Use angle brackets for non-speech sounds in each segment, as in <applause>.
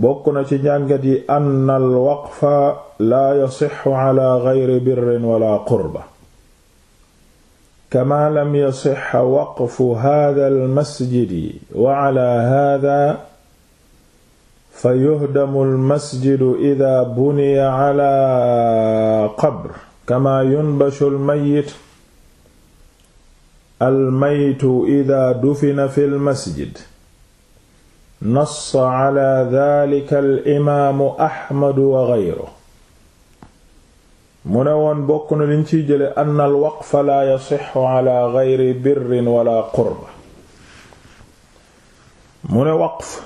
bokk na ci njàngat yi ann al waqfa laa yasixu ala geyri birrin wala qurba kama lam yasixa waqfu hada almasjidi wa ala hada fa yuhdamu almasjidu ida buniya ala qabr kama yunbashu almayit almaytu ida dufina fi almasjid nass ala dhalika al imaamu ahmadu wa ghayruhu mu ne woon bokk na liñ ciy jële ann al waqfa laa yasixu ala geyri birrin wala qurba mu ne waqf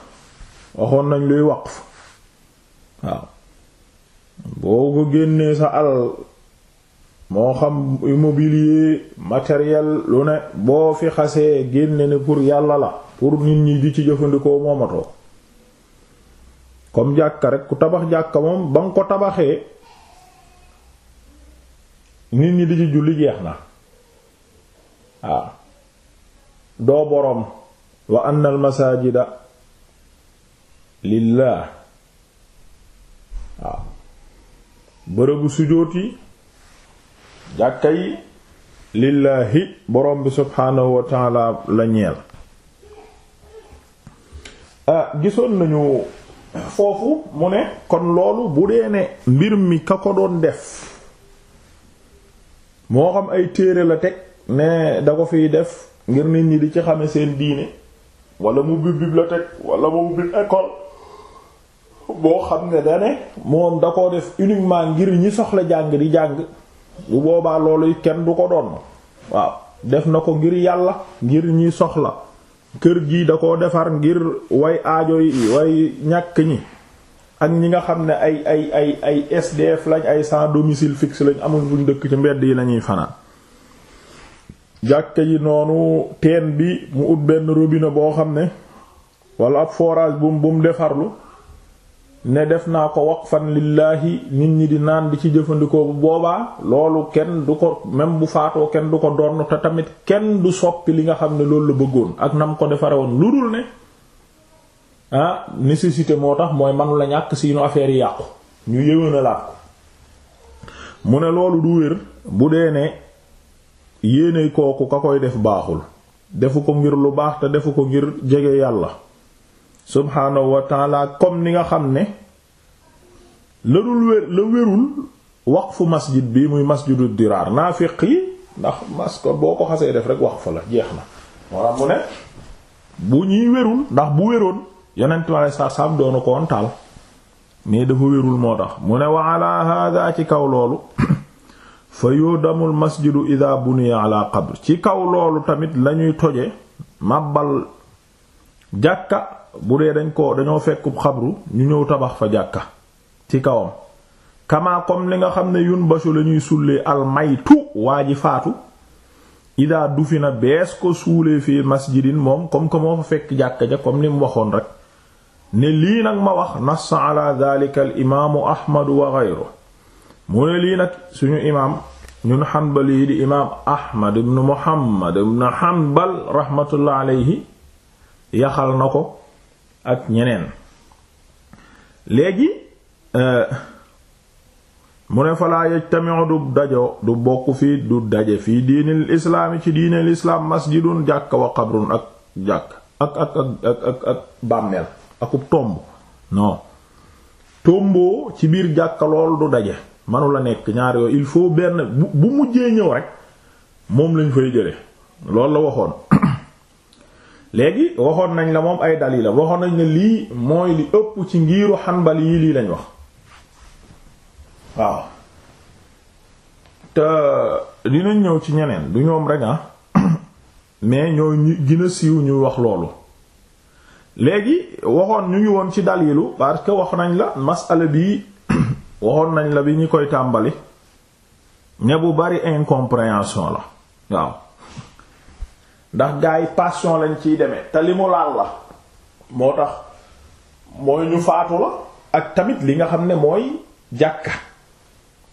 waxoon nañ luy waqf waaw boo ko génnee sa alal moo xam immobilier matériel lu ne boo fi xasee génne ne pour yàlla la pour nit ñi di ci jëfandikoo moomatoo comme jàkka rek ku tabax jàkka moom ba nga ko tabaxee nit ñi di ci julli jeex na waaw doo boroom wa anna al masajida lillah waaw bërëbu sujóot jàkka yi lillaahi borom bi subhaanahu la ñeel ah, gisoon nañu foofu mu ne kon loolu bu dee ne mbir mi ka ko doon def moo xam ay téere la teg ne da ko fiy def ngir nit ñi di ci xame seen diine wala mu bi bibliothèque wala mu bi école boo xam ne da ne moom da ko def uniquement ngir ñi soxla jàng di jàng bu boobaa loolu kenn du ko doon waaw def na ko ngir yàlla ngir ñi soxla kër gi da koo defar ngir way aajo yi way ñàkk ñi ak ñi nga xam ne ay ay ay ay SDF lañ ay sans domicile fixe lañ amul buñ dëkk ci mbedd yi lañuy fanaan jàkka yi noonu teen bi mu ut benn robine boo xam ne wala ab forage bu mu defarlu ne def naa ko fan lillaahi nit ñi di naan bi ci jëfandikoo bu boobaa loolu kenn du ko même bu faatoo kenn du ko donn te tamit kenn du soppi li nga xam ne loolu la bëggoon ak nam ko defarewoon woon lu dul ne ah nécessité moo tax mooy manu la ñàkk siinu affaire yàqu ñu yëwénalaat ko mu ne loolu du wér bu dee ne yéene kooku ka koy def baaxul defu ko ngir lu baax te defu ko ngir jege yàlla subhaanahu wa taala comme ni nga xam ne la dul wér la wérul waqfu masjid bi muy masjidu diraar naafiq yi ndax mas ko boo ko xasee def rek waqf la jeex na walla mu ne bu ñuy wérul ndax bu wéroon yonent mi aleyhi salaatu salaam doonu ko woon taal mais dafa wérul moo tax mu ne wa ala hada ci kaw loolu <coughs> fa yudamul masjidu ida buniya ala qabr ci kaw loolu tamit lañuy toje màbbal jàkka bu dee dañ ko dañoo fekkub xabru ñu ñëw tabax fa jàkka ci kawam kama comme li nga xam ne yun basu la ñuy sullee almaytu waa ji faatu dufi dufina bees ko suulee fii masjidin moom comme que fa fekk jàkka ja kom ni waxoon rek ne lii nag ma wax nassa ala dalika al imaamu ahmadu wa gayru mu ne lii nag suñu imaam ñun xanbal yi di imaam ahmad ibn muhammad ibn hanbal rahmatullah yaxal na ko ak ñeneen léegi euh, mu ne falaa yajtamiu du dajo du bokk fi du daje fii diinil islaami ci diinil islaam masjidun jàkk wa ak jàkk ak ak ak ak ak bàmmeel akub tomb non tomboo ci biir jàkka lool du daje manu nekk ñaar yooyu il faut benn bu mujjee ñëw rek moom lañ fay jële loolu la waxoon léegi waxoon nañ la moom ay dalil la waxoon nañ ne lii mooy li ëpp ci ngiiru xanbal yi lii lañ wax waaw te dinañ ñëw ci ñeneen du ñoom rek ah <coughs> mais ñoo gën siiw ñuy wax loolu léegi waxoon ñu ngi woon ci dalilu parce que wax nañ la masala bii <coughs> waxoon nañ la bi ñu koy tàmbali ne bu bari incompréhension la waaw ndax gaa yi passion lañ ciy demee te li mu laal la moo tax mooy ñu faatu la ak tamit li nga xam ne mooy jàkka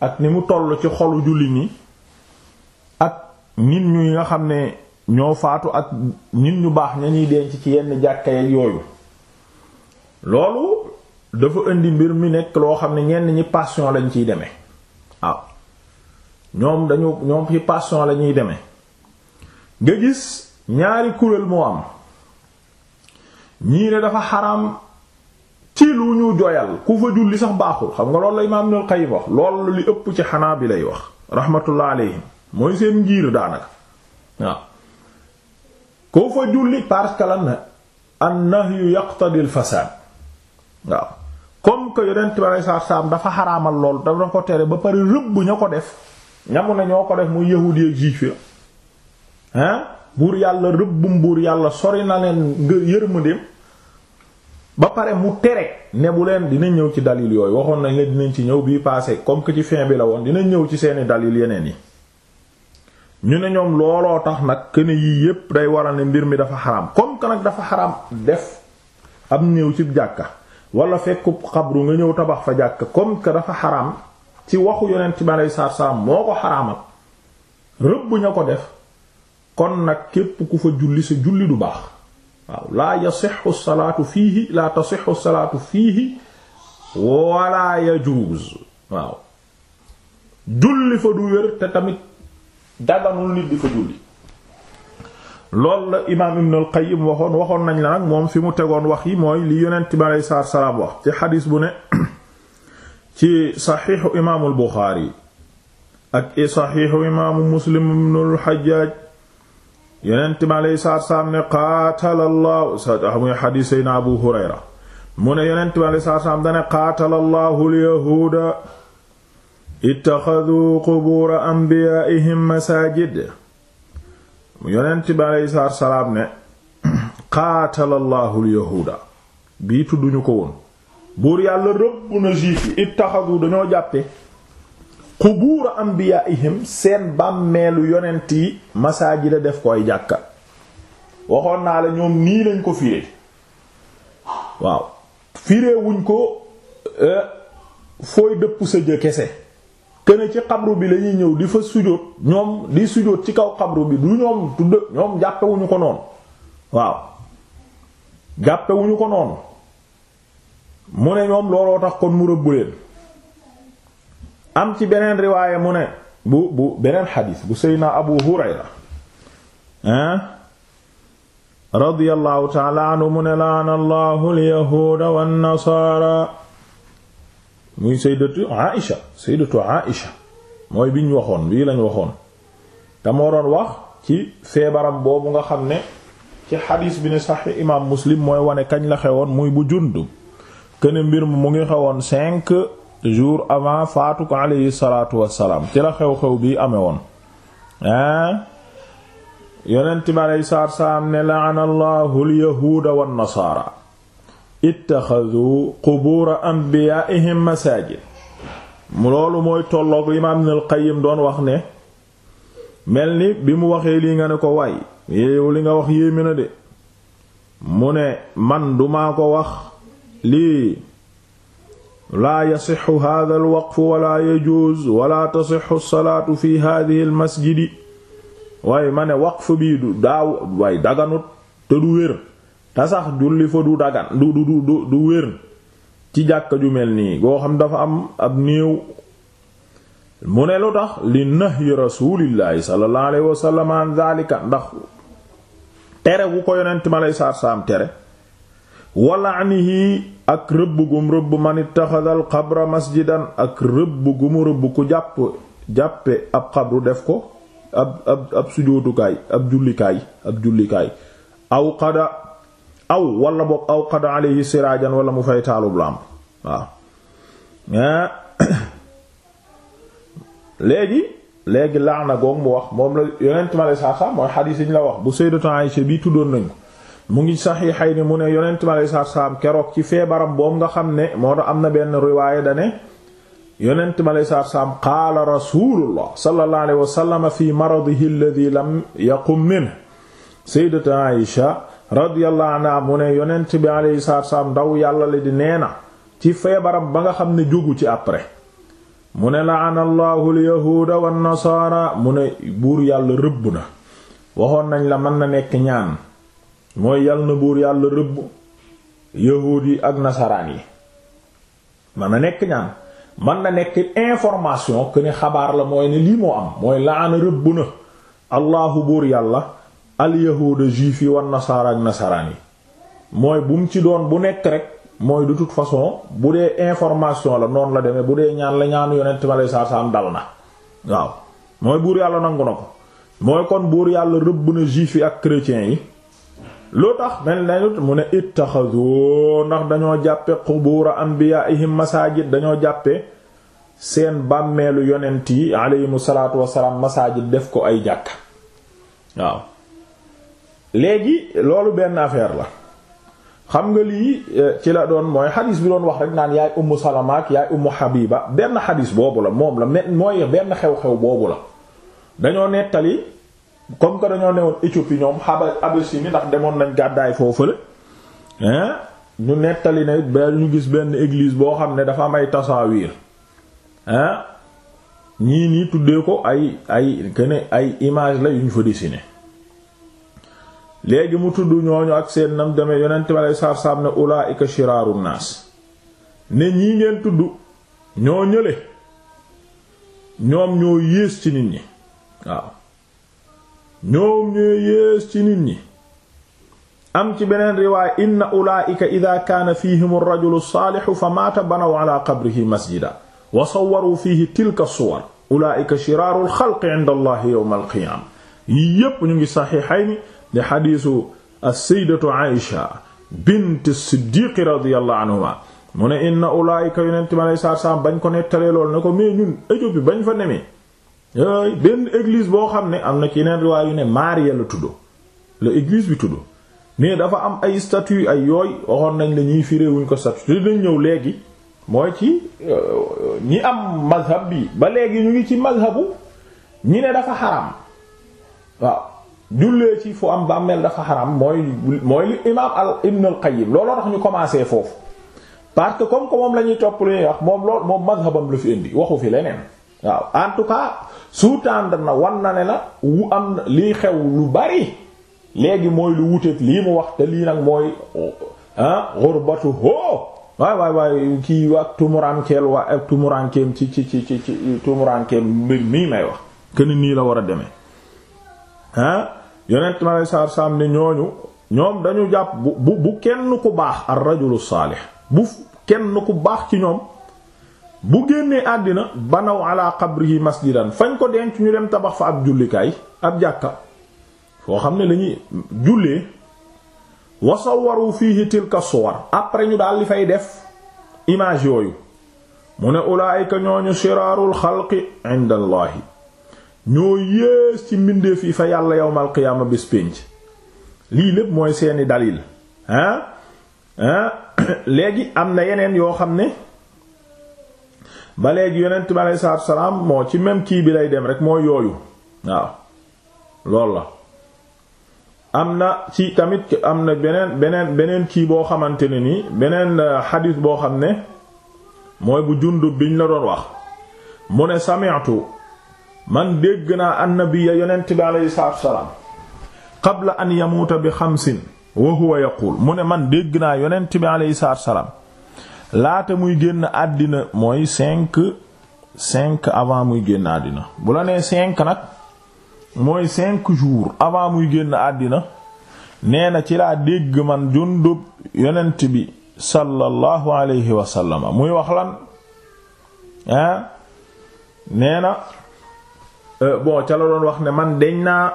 ak ni mu toll ci xolu julli ñi ak nit ñu nga xam ne ñoo faatu ak nit ñu baax ña ñuy denc ci yenn jàkka yeeg yooyu loolu dafa indi mbir mi nekk loo xam ne ñenn ñi passion lañ ciy demee waaw ñoom dañu ñoom ci passion la ñuy demee nga gis ñaari kuréel moo am ñii ne dafa xaram ci lu ñu joyal ku fa julli sax baaxul xam nga loolu la imaam Ibnul Qayyim wax loolu li ëpp ci xanaa bi lay wax rahmatullah alayhim mooy seen njiir daanaka waaw koo fa julli parce que lan an-nahyu yaqtadi al-fasad waaw comme que yonent bi alayhi salaatu salaam dafa xaraamal lool dafa ko tere ba pare rëbb ña ko def ñamu ne ñoo ko def muy yahuudi ak juif hein buur yàlla rëbbum buur yàlla sori na leen nga yërmandeem ba pare mu tere ne bu leen dina ñëw ci dalil yooyu waxoon nañ ne dinañ ci ñëw bii passé comme ci fin bi la ñëw ci seeni dalil yeneen yi ñu ne ñoom looloo tax nag këne yii yépp day waral ne mbir mi dafa xaram comme que nag dafa xaram def am ñëw ci jàkka walla fekk xabru nga ñëw tabax fa jàkka comme que dafa xaraam ci waxu yeneen ci ba salaatu salaam moo ko xaraamal rëbb ña ko def kon nag képp ku fa julli sa julli du baax waaw laa yasixu salaatu fiihi laa tasixu salaatu fiihi wala yajuuz waaw julli fa du wér te tamit daganul nit di fa julli loolu la imaam ibn al qayyim waxoon waxoon nañ la nag moom fi mu tegoon wax yi mooy li yonent bi aleyhi salaatu salaam wax ci xadiis bu ne <coughs> ci saxiixu imaamul buxaari ak i saxiixu imaamu muslim ibn al xajjaaj yonent mi alayhi salaatu ne qaatalallahu muy xadiis sayna Abu Hurayra mu ne yonent mi alayhi dane qaatalallahu alyahuuda ittaxaduu qubuura anbiyaa'ihim masaajid yonent bi alayhi salaatu ne qaatalallahu alyahuuda bii tudduñu ko buur yàlla rëbb na juif yi ittaxadu dañoo jàppe buur qubuura anbiyaa'ihim seen bàmmeelu yonent yi masaajida def koy jàkka waxoon naa la ñoom nii lañ ko firee waaw firee wuñ ko euh, fooy dëpp sa jë kese kene ci xabru bi lañuy ñëw di fa sujjóot ñoom di sujjóot ci kaw xabru bi du ñoom tudd ñoom jàppewuñu ko noonu waaw jàppewuñu ko noonu mu ne ñoom looloo tax kon mu rëbb leen am ci beneen riwaaya mu ne bu bu beneen xadiis bu seydna abu hurayra hein radiyallahu mu ne laana allahu alyahuuda wannasaara muy seydatu aisha seydatu aisha mooy biñ waxoon bii lañ waxoon te moo doon wax ci feebaram boobu nga xam ne ci xadiis bi ne saxi imaam muslim mooy wane kañ la xewoon muy bu jundub këne mbir mu mu ngi xewoon cinq jour avant faatu ko alayhi salaatu wassalaam ci la xew-xew bi amee woon ah yonent bi aleyhi salaatu wassalaam mu loolu mooy tolloog li imaam Ibnul Qayyim doon wax ne mel ni bi mu waxee lii nga ne ko waay yow li nga wax yéeme na de mu ne man duma ko wax lii laa yasixu hada alwaqfu wala yajuuz wala tasixu te du wér te sax julli fa du dagan du du du wér ci jàkka ju mel nii goo xam dafa am ab néew mu ne lu tax li nahyi rasulillahi sallallahu alayhi wasallam ndax tere wu ko yonent ma lay tere wala anihi ak rëbb gum rëbb man ittaxadal xabra masjidan ak rëbb gumu rëbb ku jàpp jàppe ab xabru def ko ab ab ab sujootukaay ab jullikaay ab jullikaay aw xada aw wala boog aw xada alayhi siraajan wala mu fay taalub làmp waaw ah, <coughs> léegi léegi laana goog mu wax moom la yonent ma la saa saa mooy xadiis yi ñu la wax bu sayyidatu Aisha bi tuddoon nañu mu ngi saxiixayni mu ne yonent bi alayhi salaatu keroog ci feebaram boobu nga xam ne moo tax am na benn riwaaya da ne yonent bi alayhi salaatu salaam qaala rasuulullah sallallahu alayhi wa sallam fi maradihi alladhi lam yaqum minhu sayyidatu Aisha radiyallahu anha mu ne yonent bi alayhi ndaw yàlla la di nee na ci feebaram ba nga xam ne jógu ci après mu ne la'ana allahu alyahuuda wan nasaara mu ne buur yàlla rëbb na waxoon nañ la mën na nekk ñaan mooy yàlla na buur yàlla rëbb yahuud yi ak nasaraan yi man na nekk ñaan man na nekk information que ne xabaar la mooy ne lii moo am mooy laana rëbb na allahu buur yàlla al yahuuda juif yi wan nasaara ak nasaraan yi mooy bu ci doon bu nekk rek mooy de toute façon bu dee information la noonu la demee bu dee ñaan la ñaan yonent ma lay saar saam dal na waaw mooy buur yàlla nangu na ko mooy kon buur yàlla rëbb na juif yi ak chrétiens yi loo tax mel nañu mu ne ittaxazoo ndax dañoo jàppe xubuura anbiyaa'ihim masaajid dañoo jàppe seen bàmmeelu yonent yi aleyhimu salaatu wassalaam masaajid def ko ay jàkk waaw léegi loolu benn affaire la xam nga lii eh, ci la doon mooy xadis bi doon wax rek naan yaay ummu salama ak yaay ummu habiba benn xadiis boobu la moom la mooy benn xew-xew boobu la dañoo nettali comme que dañoo newoon Éthiopie ñoom xaba Abyssinie ndax demoon nañ gàddaay foofu foofale ñu nettali na ba ñu gis benn église boo xam ne dafa am ay tasaawiir ah ñii nii tuddee ko ay ay kene ay image la yu ñu fa dessiné léegi mu tudd ñooñu ak seen nam demee yonent ma lay saar-saam ne ulaa'ika shiraaru naas ne ñii ngeen tudd ñoo ñële ñoom ñoo yées ci nit ñi waaw ñoom ñooy yées nit ñi am ci beneen riwaay inna ulaa'ika idha kaana fihim ar-rajulu as-saalihu fa maata banaw ala qabrihi masjida wa sawwaru fihi tilka as-suwar ulaa'ika shiraaru al-khalqi 'inda allahi yawm al-qiyaama yii yépp ñu ngi saxiixayni di xadiisu as-sayyidatu Aïsha bint as-Siddiq radiyallahu anhuma ne inna ulaa'ika yonent mi bañ ko nettalee lool ne ko mais ñun bañ fa nemee yooyu benn église boo xam ne am na ci nen riwaay yu ne Maria la tudd la église bi tudd mais dafa am ay statue ay yooy waxoon nañ la ñuy wuñ ko statue dinañ ñëw léegi mooy ci euh, ñi am mazhab bi ba léegi ñu ngi ci mazhabu ñi ne dafa xaram waaw jullee ci fu am bàmmeel dafa xaram mooy mooy li imaam al ibn al qayyim looloo tax ñu commencé foofu parce que comme que moom la ñuy topp lu ñuy wax moom lool moom mazhabam la fi indi waxu fi leneen waaw sous-tendre na wan na ne la wu am na xew lu bari léegi mooy lu wuteeg lii mu wax te lii nag mooy ah xurbatu hoo waay waay waay kii ak tumurankeel waa ak tumurankeem ci ci ci ci ci tumurankeem mbir mii may wax kën nii la war a demee ah yonent ma lay saar saam ne ñooñu ñoom dañu jàpp bu bu kenn ku baax ar rajulu saalih bu kenn ku baax ci ñoom bu génnee àddina banaw ala qabrihi masjidan fañ ko denc ñu dem tabax fa ab jullikaay ab jàkka foo xam ne lañuy jullee wa fii fiihi tilka suwar après ñu daal li fay def image yooyu mu ne ulaayika ñooñu shiraarul xalqi inda allahi ñoo yées ci mbindeef yi fa yàlla yowmal qiyaama bis pénc lii lépp mooy seeni dalil hein hein <coughs> léegi am na yeneen yoo xam ne ba léegi yonent bi aleyhi salaatu salaam moo ci même kii bi lay dem rek mooy yooyu waaw loolu la am na ci tamit am na beneen beneen beneen kii boo xamante ne nii beneen euh, xadis boo xam ne mooy bu jundub biñ la doon wax mu ne sami'tu man dégg naa annabiyya yonent bi aleyhi salaatu salaam qabla an yamuuta bi xamsin wa huwa yaquul mu ne man dégg naa yonent bi aleyhi salaatu salaam laata muy génn àddina mooy cinq cinq avant muy génn àddina bu la nee cinq nag mooy cinq jours avant muy génn àddina nee na ci laa dégg man Jundub yonent bi sallallahu alayhi wa sallam muy wax lan ah nee na euh, bon ca la doon wax ne man deñ naa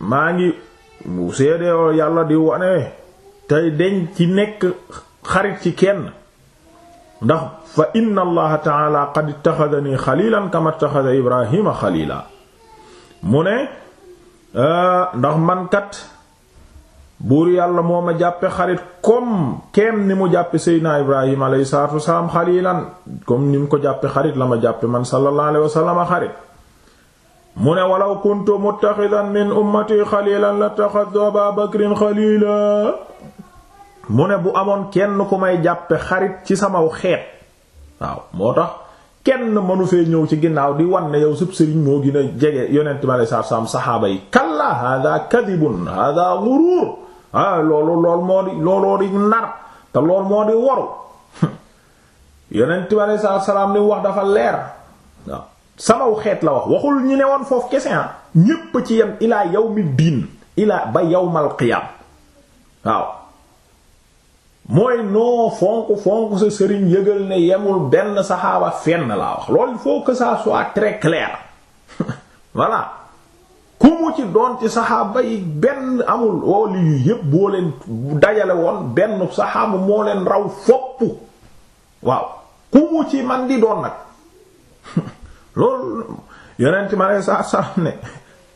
maa ngi mu seedee yàlla di wane tey deñ ci nekk xarit ci kenn ndax fa inna allaha taala qad ittaxadani xalilan kama ittaxada ibrahima xalila mu ne euh, ndax mankat buur yàlla moo ma jàppe xarit comme kenn ni mu jàppe seydina ibrahim alayhi salaatu wasalaam xalilan comme ni mu ko jàppe xarit la ma jàppe man sallallahu alayhi wasallam xarit mu ne walaw kuntu muttaxidan min ummati xalilan la taxadtu abaa bakrin xalila mu ne bu amoon kenn ku may jàppe xarit ci samaw xeet waaw moo tax kenn mënu fee ñëw ci ginnaaw di wan ne yow sëb sëriñ moo gën a jege yonent bi alei ah, te lool moo di waru <laughs> yonent bi alei wax dafa leer waaw samaw xeet la wax waxul ñu ne woon foofu kese ah. ñépp ci yem ilaa mi diin ilaa ba yawmal qiyaam waaw mooy non fonk fonk sa sëriñ yëgal ne yemul benn saxaaba fenn laa wax loolu il faut que ça soit très clair <laughs> ci doon ci saxaaba yi benn amul wooli yu yépp boo leen dajale woon benn saxaaba moo leen raw fopp waaw ku ci man di doon nag <laughs> loolu yonent ma ne saa saa ne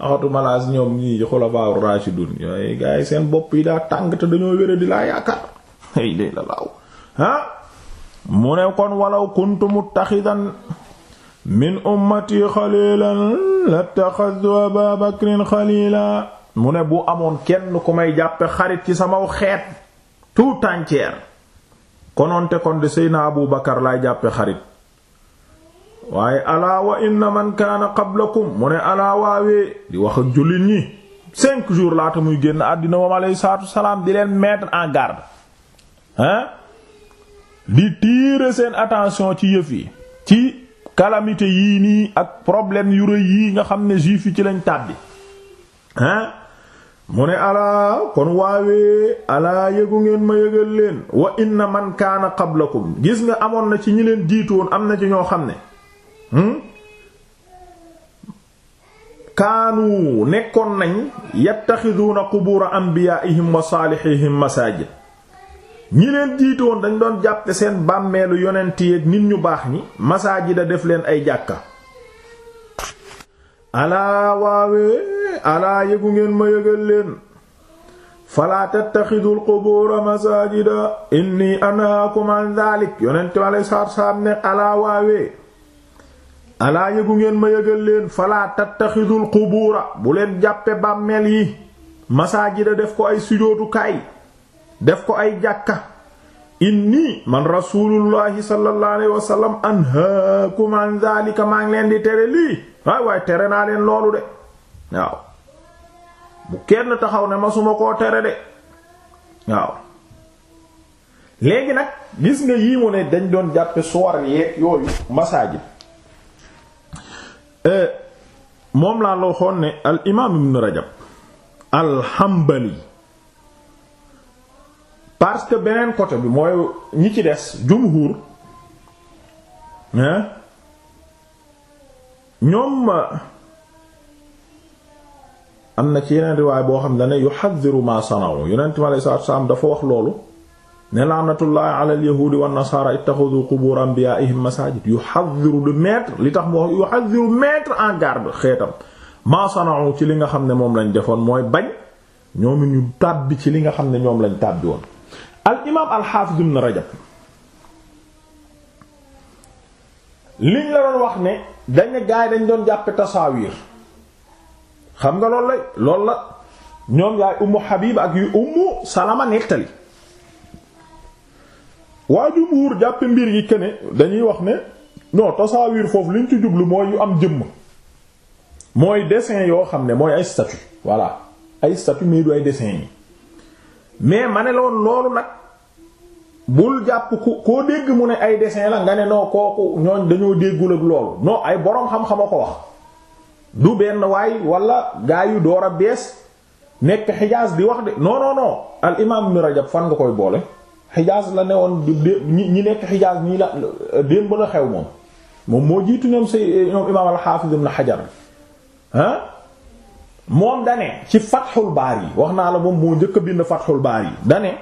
waxatuma laa si ñoom ñii xulafaa rashidun yooyu gaa seen bopp yi daa tàng te dañoo wéra di laa yaakaar ay léeg la laaw ah mu ne kon walaw kuntu muttaxidan min ummati xalilan lattaxadtu aba bakrin xalila mu ne bu amoon kenn ku may jàppe xarit ci samaw xeet tout entier konoonte kon di seyna abu bakar laay jàppe xarit waaye alaa wa inna man kaana qablakum mu ne alaa waawee di wax ak jullit ñi cinq jours laata muy génn àddina moom aleyhi salaam di leen mettre en garde hein di tirer seen attention ci yëf yi ci calamité yii nii ak problème yu rëy yii nga xam ne juif yi ci lañ tàbbi hein mu ne alaa kon waawee alaa yëgu ngeen ma yëgal leen wa inna man kaana qablakum gis nga amoon na ci ñi leen jiitu am na ci ñoo xam ne hmm? kaanu nekkoon nañ yattaxiduuna qubuura anbiyaa'ihim wa saalihihim masaajid ñi leen jiitu woon dañ doon jàppe seen bàmmeelu yonent yeeg nit ñu baax ñi masaajida def leen ay jàkka alaa waawe alaa yëgu ngeen ma yëgal leen falaa tattaxidul qubuura masaajida inni anhaakum an daalik yonent ma lay saar saar ne alaa waawe alaa yëgu ngeen ma yëgal leen falaa tattaxidul qubuura bu leen jàppe bàmmeel yi masaajida def ko ay sujootukaay def ko ay jàkka inni man rasulullahi sallallahu alayhi an dhalika maa ngi leen di tere lii waay waay tere naa leen loolu de waaw bu kenn taxaw ne masuma koo tere de waaw léegi nag gis nga yii mu dañ doon jàppe soir yeeg yooyu masaajid eh, moom laa loo xoon al imaam ibn rajab al parce que beneen côté bi mooy ñi ci des jumhur hein ñoom am na ci yeneen riwaay boo xam ne ne yuhadhiru ma sanaw yonent mi alayhi salaatu salaam dafa wax loolu ne laanatullahi ala alyahuudi wa nasaara ittaxudu qubuur anbiyaa'ihim masaajid yuhadhiru de mettre li tax mu wax yuhadhiru mettre en garde xeetam ma sanaw ci li nga xam ne moom lañu defoon mooy bañ ñoom ñu tàbbi ci li nga xam ne ñoom lañu tàbbi woon al imaam al xaafis ibn rajab liñ la doon wax ne dañ gaay dañ doon jàppe tasaawiir xam nga loolu la loolu la ñoom yaay ummu Habib ak yu ummu Salama nettali waa jumhuur jàppe mbir yi këne dañuy wax ne ñoo tasaawiir foofu liñ ci jublu mooy yu am jëmm mooy desin yoo xam ne mooy ay statue voilà ay statue mais ay dessin yi mais ma ne loon loolu nag bul jàpp ku koo dégg mu ne ay dessin la nga ne noo kooku ñooñ dañoo déggul ak loolu non ay boroom xam a ko wax du benn waay wala gaa yu door a bees nekk xijaas di wax de non non non al imaam ibn fan nga koy boole xijaas la ne woon ñi nekk xijaas ñii la démb la xew moom moo jiitu ñoom say ñoom imaam al-Hafiz ibn Hajar moom dane ci Fathul Baari wax naa la moom moo njëkk a bind Fathul Baari dane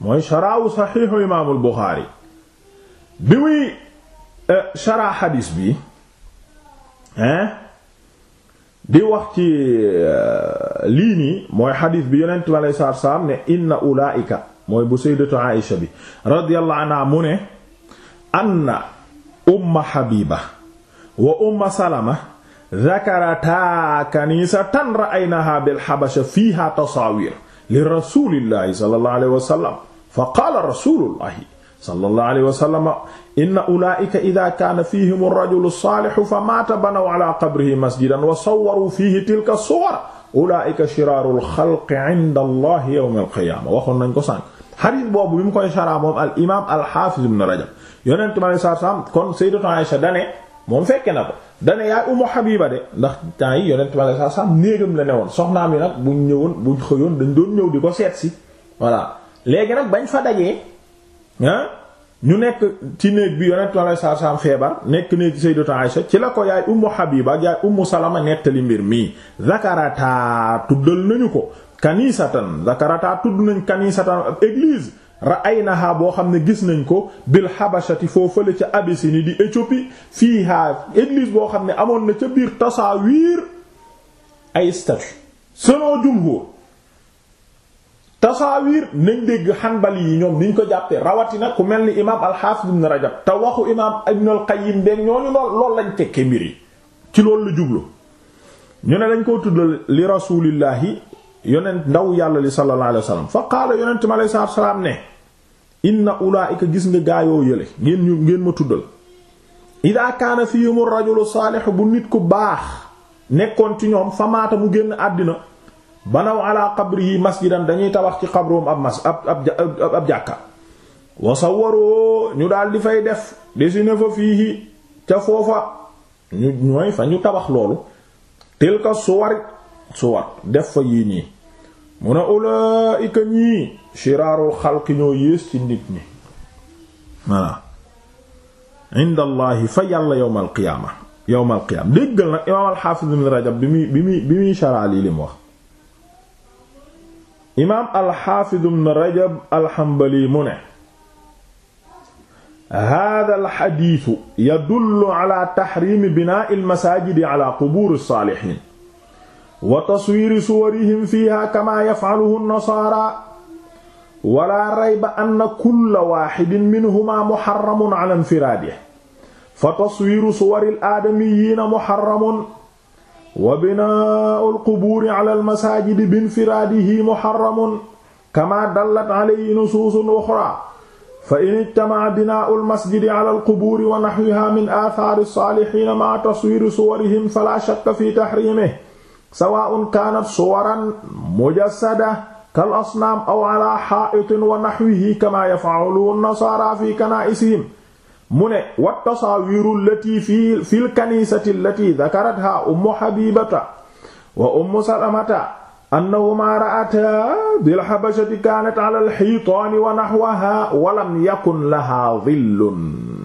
mooy sharaawu saxiixu imaamul Buxaari bi muy eh, sharaa xadiis bi eh, di wax ci eh, lii nii mooy xadiis bi yonent bi alayhi salaatu salaam ne inna ulaa'ika mooy bu sayyidatu Aïsha bi radiyallahu anha mu ne anna umma Habiba wa umma Salama zakarataa kanisatan ra'aynaha bil habasha fiha tasawir li rasulillahi sallallahu alayhi wa sallam fa qaala rasulullahi sallallahu alayhi wa sallam inna ulaa'ika idha kaana fihim ar-rajulu as-saalihu fa maata banaw ala qabrihi masjidan wa sawwaru fihi tilka as-suwar ulaa'ika shiraaru al-khalqi 'inda allahi yawm al-qiyaama waxoon nañ ko sànq xadiis boobu bi mu koy sara moom al imaam al-haafiz ibn Rajab yonent mi alayhi salaam kon sayyidatu Aisha dane moom fekke na ko dane yaay Ummu Habiba de ndax temps yi yonent bi alayhi salaam néegam la ne woon soxnaam yi nag buñ ñëwoon buñ xëyoon dañ doon ñëw di ko seet si voilà léegi nag bañ fa dajee ah ñu nekk ci néeg bi yonent bi alayhi salaam feebar nekk néeg Sayyidatu Aïsha ci la ko yaay Ummu Habiba ak yaay Ummu Salama nettali mbir mii zakarataa tuddal nañu ko kanisatan zakarataa tudd nañ kanisatan ab église ra'aynaha boo xam ne gis nañ ko bil habashati foo fële ca Abyssinie di Éthiopie fiiha église boo xam ne amoon na ca biir tasaawiir ay statue selon jumhur tasaawiir nañ dégg xanbali yi ñoom niñ ko jàppee rawatina ku mel ni imaam al-Hafiz ibn Rajab te waxu imaam ibn al-Qayyim beeg ñooñu lool lool lañ tekkee mbir yi ci loolu la jublu ñu ne dañ koo tuddal li rasulillahi yonent ndaw yàlla li sallallahu alayhi wa sallam fa qaala yonent mi alayhi salaatu wa salaam ne inna ulaa'ika gis nga gaayoo yële ngeen ñu ngeen ma tuddal idaa kaana fiihimu rajulu saalihu bu nit ku baax nekkoon ci ñoom famaata mu génn àddina banaw ala qabrihi masjidan dañuy tabax ci xabroom ab mas ab ab ab jàkka wa sawwaroo ñu daal di fay def dessiné fa fiihi ca foofa ñu ñooy fa ñu tabax loolu tilka suwar suwar def fa yii nii mu ne ulaa'ika ñii shiraarul xalqi ñoo yées ci nit ñi voilà inda allahi fa yàlla yowmal qiyaama yowmal qiyaama déggal nag imaam alxaafiz ibn rajab bi muy bi muy bi muy sharaal yi lim wax imaam alxaafiz ibn rajab alxambali mu ne hada alxadiisu yadullu ala taxriimi binaa'i almasaajidi ala qubuuri saalihiin wa taswiiri suwarihim fiiha kama yafaaluhu nasaara wala rayba anna kulla waaxidin minhuma muxaramun ala infiraadih fa taswiiru suwari alaadamiyiina muxaramun wa binaau alqubuuri ala almasaajidi binfiraadihi muxaramun kama dallat alayhi nusuusun uxraa fa in ijtamaca binaau almasjidi ala alqubuuri wa naxwiha min aathaari alsaalixiina maca taswiiri suwarihim fala shakka fi taxriimihi sawaa'un kaanat suwaran mujassada kal asnaam aw ala xaa'itin wa naxwihi kama yaf'alu an-nasaara fi kanaa'isihim mu ne wa tasaawiru allati fi fi lkanisati allati dakaratha ummu habibata wa ummu salamata annahuma ra'ata bilxabashati kaanat ala alxiitaani wa naxwaha walam yakun laha dillun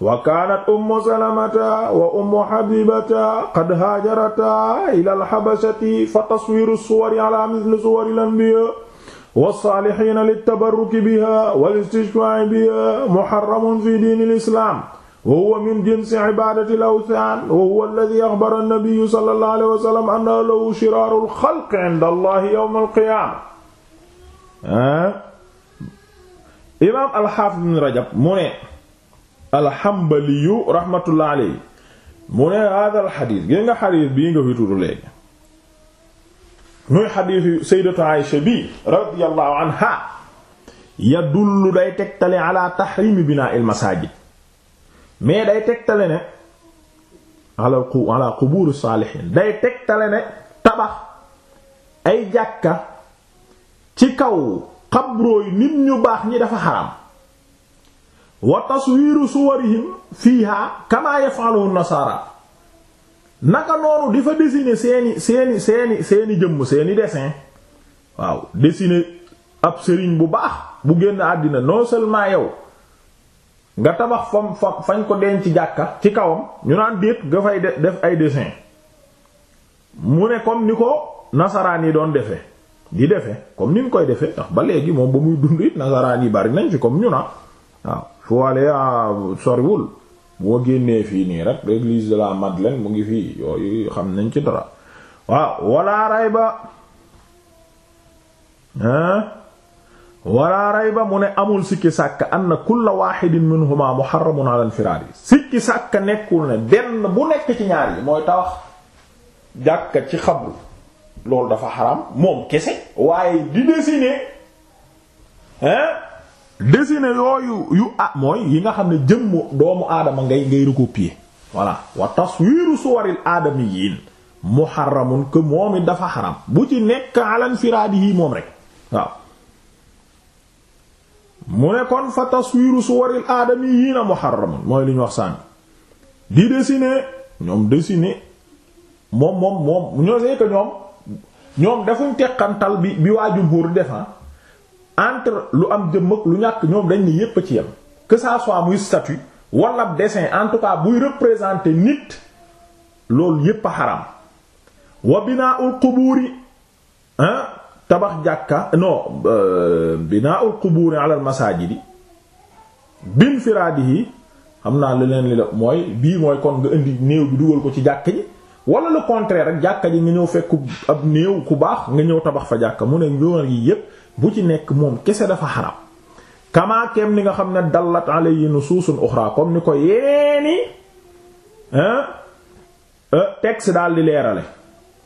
wa kaanat ummu salamata wa ummu habibata qad haajarata ila alxabasati fa taswiru suwari ala mithli suwari al-anbiya wa saalihiina litabarruki biha wal istishfaa'i biha muharramun fi diini al-islaam wa huwa min jinsi ibaadati al-awthaan wa huwa alladhii akhbara an-nabiyyu sallallahu alayhi wa sallam annahu lahu shiraaru al-khalqi 'inda allahi yawm al-qiyaamah imaam al-haafiz ibn rajab mu ne alxambaliyu rahmatullah aley mu ne hada alxadis gis nga xadis bii nga fi tudd léegi muy xadisu saydatu Aïsha bi radiyallahu anha yadullu day tegtale mais day tegtale ne ala ala day tegtale ne tabax ay jàkka ci kaw xabrooy nit ñu baax ñi dafa xaram wa taswiiru suwarihim fiiha kamaa yaf'alu nasaara naka noonu di fa dessiner seeni seeni seeni seeni jëmm seeni dessin waaw dessiner ab sëriñ bu baax bu génn àddina non seulement yow nga tabax fam fam fañ ko denc jàkka ci kawam ñu naan déet nga fay def ay desin mu ne comme ni ko nasaraan yi doon defe di defe comme ni mu koy defe ndax ba léegi moom ba muy dund it nasaraan yi bari nañ fi comme ñu na waaw Foalea ah, soriwul boo génnee fii nii rek l'église de la Madeleine mu ngi fii yooyu xam nañ ci dara waaw wala rayba hein wala mu ne amul sikki sàkk anna kulla wahidin minhuma muharramun ala al-firaar nekk ci ñaar mooy tawax jàkka ci xabru loolu dafa xaram moom kese waaye di dessiner hein dessiné yooyu yu ah mooy yi nga xam ne jëmm doomu aadama ngay ngay recopier voilà wa taswiru suwaril aadamiyin muharramun que moom it dafa xaram bu ci nekk alan firaadi yi moom rek waaw mu ne kon fa taswiru suwaril aadamiyin muharramun mooy li ñu wax sànni di dessiner ñoom dessiner moom moom moom ñoo see que ñoom ñoom defuñ teqantal bi bi waa defan ah. entre lu am jëmm lu ñàkk ñoom dañ ni yépp ci yem que ça soit muy statue wala dessin en tout cas buy représenter nit loolu yépp a xaram wa binaa'ul qubuuri ah tabax jàkka non euh, binaa'ul qubuuri alal masaajidi binfiraadihi xam naa li leen li la mooy bii mooy kon nga indi néew bi dugal ko ci jàkka ji wala le contraire rek jàkka ji nga ñëw fekk ab néew ku baax nga ñëw tabax fa jàkka mu ne ñoo yi yépp bu ci nekk moom kese dafa xaram kamaakeem ni nga xam ne dallat alayhi nusuusun uxra comme ni ko euh, teg si daal di leerale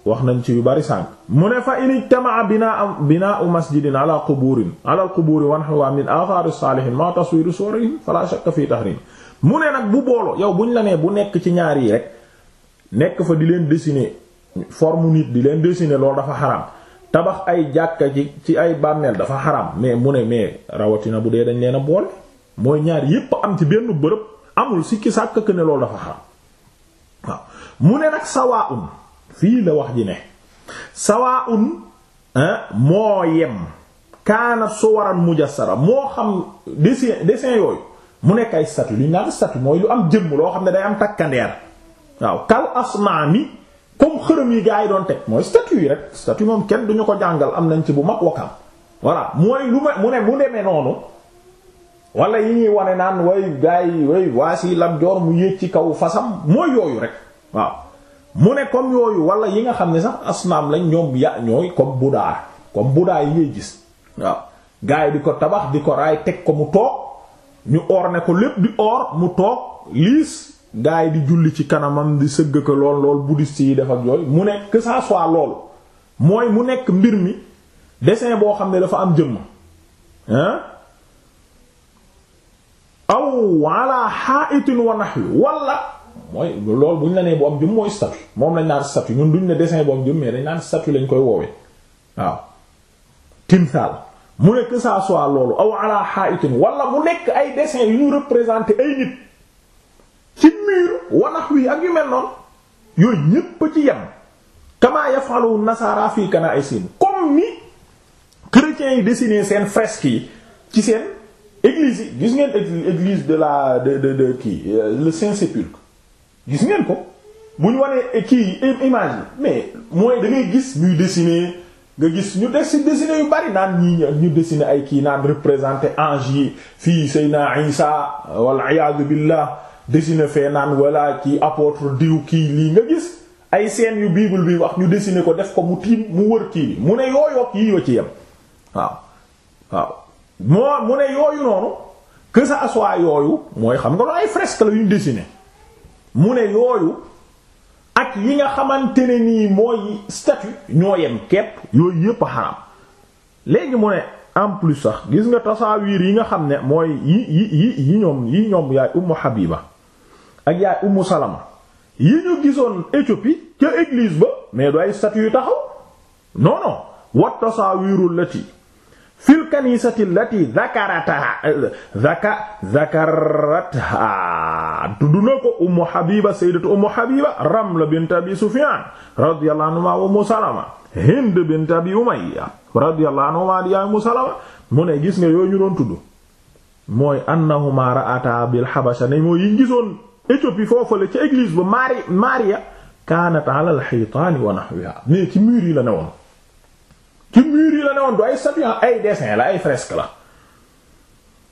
wax nañ ci yu bari sànq mu ne fa in ijtamaa binaa binaau masjidin ala quburin ala al quburi wan xuwaa min athar saalihin ma taswiru surihim fala shakka fi tahrim mu ne nag bu booloo yow buñ la nee bu nekk ci ñaar yi rek nekk fa di leen dessiner formu nit di leen dessiner loolu dafa xaram tabax ay jàkka ci ay bànneel dafa xaram mais mu ne mais rawatina bu dee dañ leen a boole mooy ñaar yépp am ci benn bërëb amul sikki sàkk ne loolu dafa xaram waaw mu ne nag sawaaun fii la wax ji ne sawaaun moo yem kaana suwaran mujassara moo xam dessin dessin yooyu mu nekk ay satu lu ñu naan mooy lu am jëmm loo xam ne day am takkandeer waaw kal asnaami comme xërëm yi gaa yi doon teg mooy statue yi rek statue moom kenn duñu ko jàngal am nañ ci bu mag wakam voilà mooy lu ma mu ne mu demee noonu wala yi ñuy wane naan way gaa yi way waa si lam joor mu ci kaw fasam mooy yooyu rek waaw mu ne comme yooyu wala yi nga xam ne sax asnaam lañ ñoom ya ñooy comme budaa comme budaa yi ngay gis waaw gaa yi di ko tabax di ko raay teg ko mu toog ñu or ne ko lépp di or mu toog liis gaa yi di julli ci kanamam di sëgg ko lool lool bouddhiste yi def ak yooyu mu nekk que ça soit loolu mooy mu nekk mbir mi dessin boo xam ne dafa am jëmm hein aw ala ha'itin wa nahwi wala mooy loolu bu ñu la nee bu am jëmm mooy statue moom lañ naan statue ñun duñ ne dessin bu am jëmm mais dañ naan statue lañ koy woowee waaw timsaal mu nekk que ça loolu aw ala ha'itin wala mu nekk ay dessin yu ñu représenter ay nit ci miir wanax wi ak yu mel noonu yooyu ñépp ci yem kama falu nasara fii kana'isihim comme ni chrétiens yi dessiné seen fresque yi ci seen église yi gis ngeen église de la de de de kii euh, le Saint-Sépulcre gis ngeen ko bu ñu wanee kii image yi mais mooy da gis ñuy dessiné nga gis ñu des si yu bari naan ñii ñu dessiné ay kii naan représenté ange yi fii Seyna Isa wal iyaadu billah dessiner fee naan walla ci apôtre diw kii lii nga gis ay scènes yu biibul bi wax ñu dessiner ko def ko mu tiim mu wër kii bi mu ne yooyook yii wa ci yem waaw mu ne yooyu noonu que yooyu mooy xam ay fresque la yuñ mu ne yooyu ak yi nga xamante ne nii mooy statue ñoo yem kepp yooyu yépp xaraam léegi mu ne en plus sax gis nga tasaawiir yi nga xam ne mooy yi yi yi yi ñoom yi ñoom yaay Ummu Habiba ak yaay ummu salama yi ñu gisoon Éthiopie ca église ba mais ay statues yu taxaw wa tasaawiru lati fil kanisati lati zakarata euh, zaka zakarata na ko ummu habiba sayyidatu ummu habiba ramla bint abi sufyan radiyallahu anhuma wa ummu salama hind bint tudd annahuma ra'ata bil habasha ne mooy yi gisoon Éthiopie foofu la ca église ba Maari Maria kaanat ala al-haytaan wa nahwiha mais ci mur yi la newoon ci mur yi la newoon du ay statues ay dessins la ay fresques la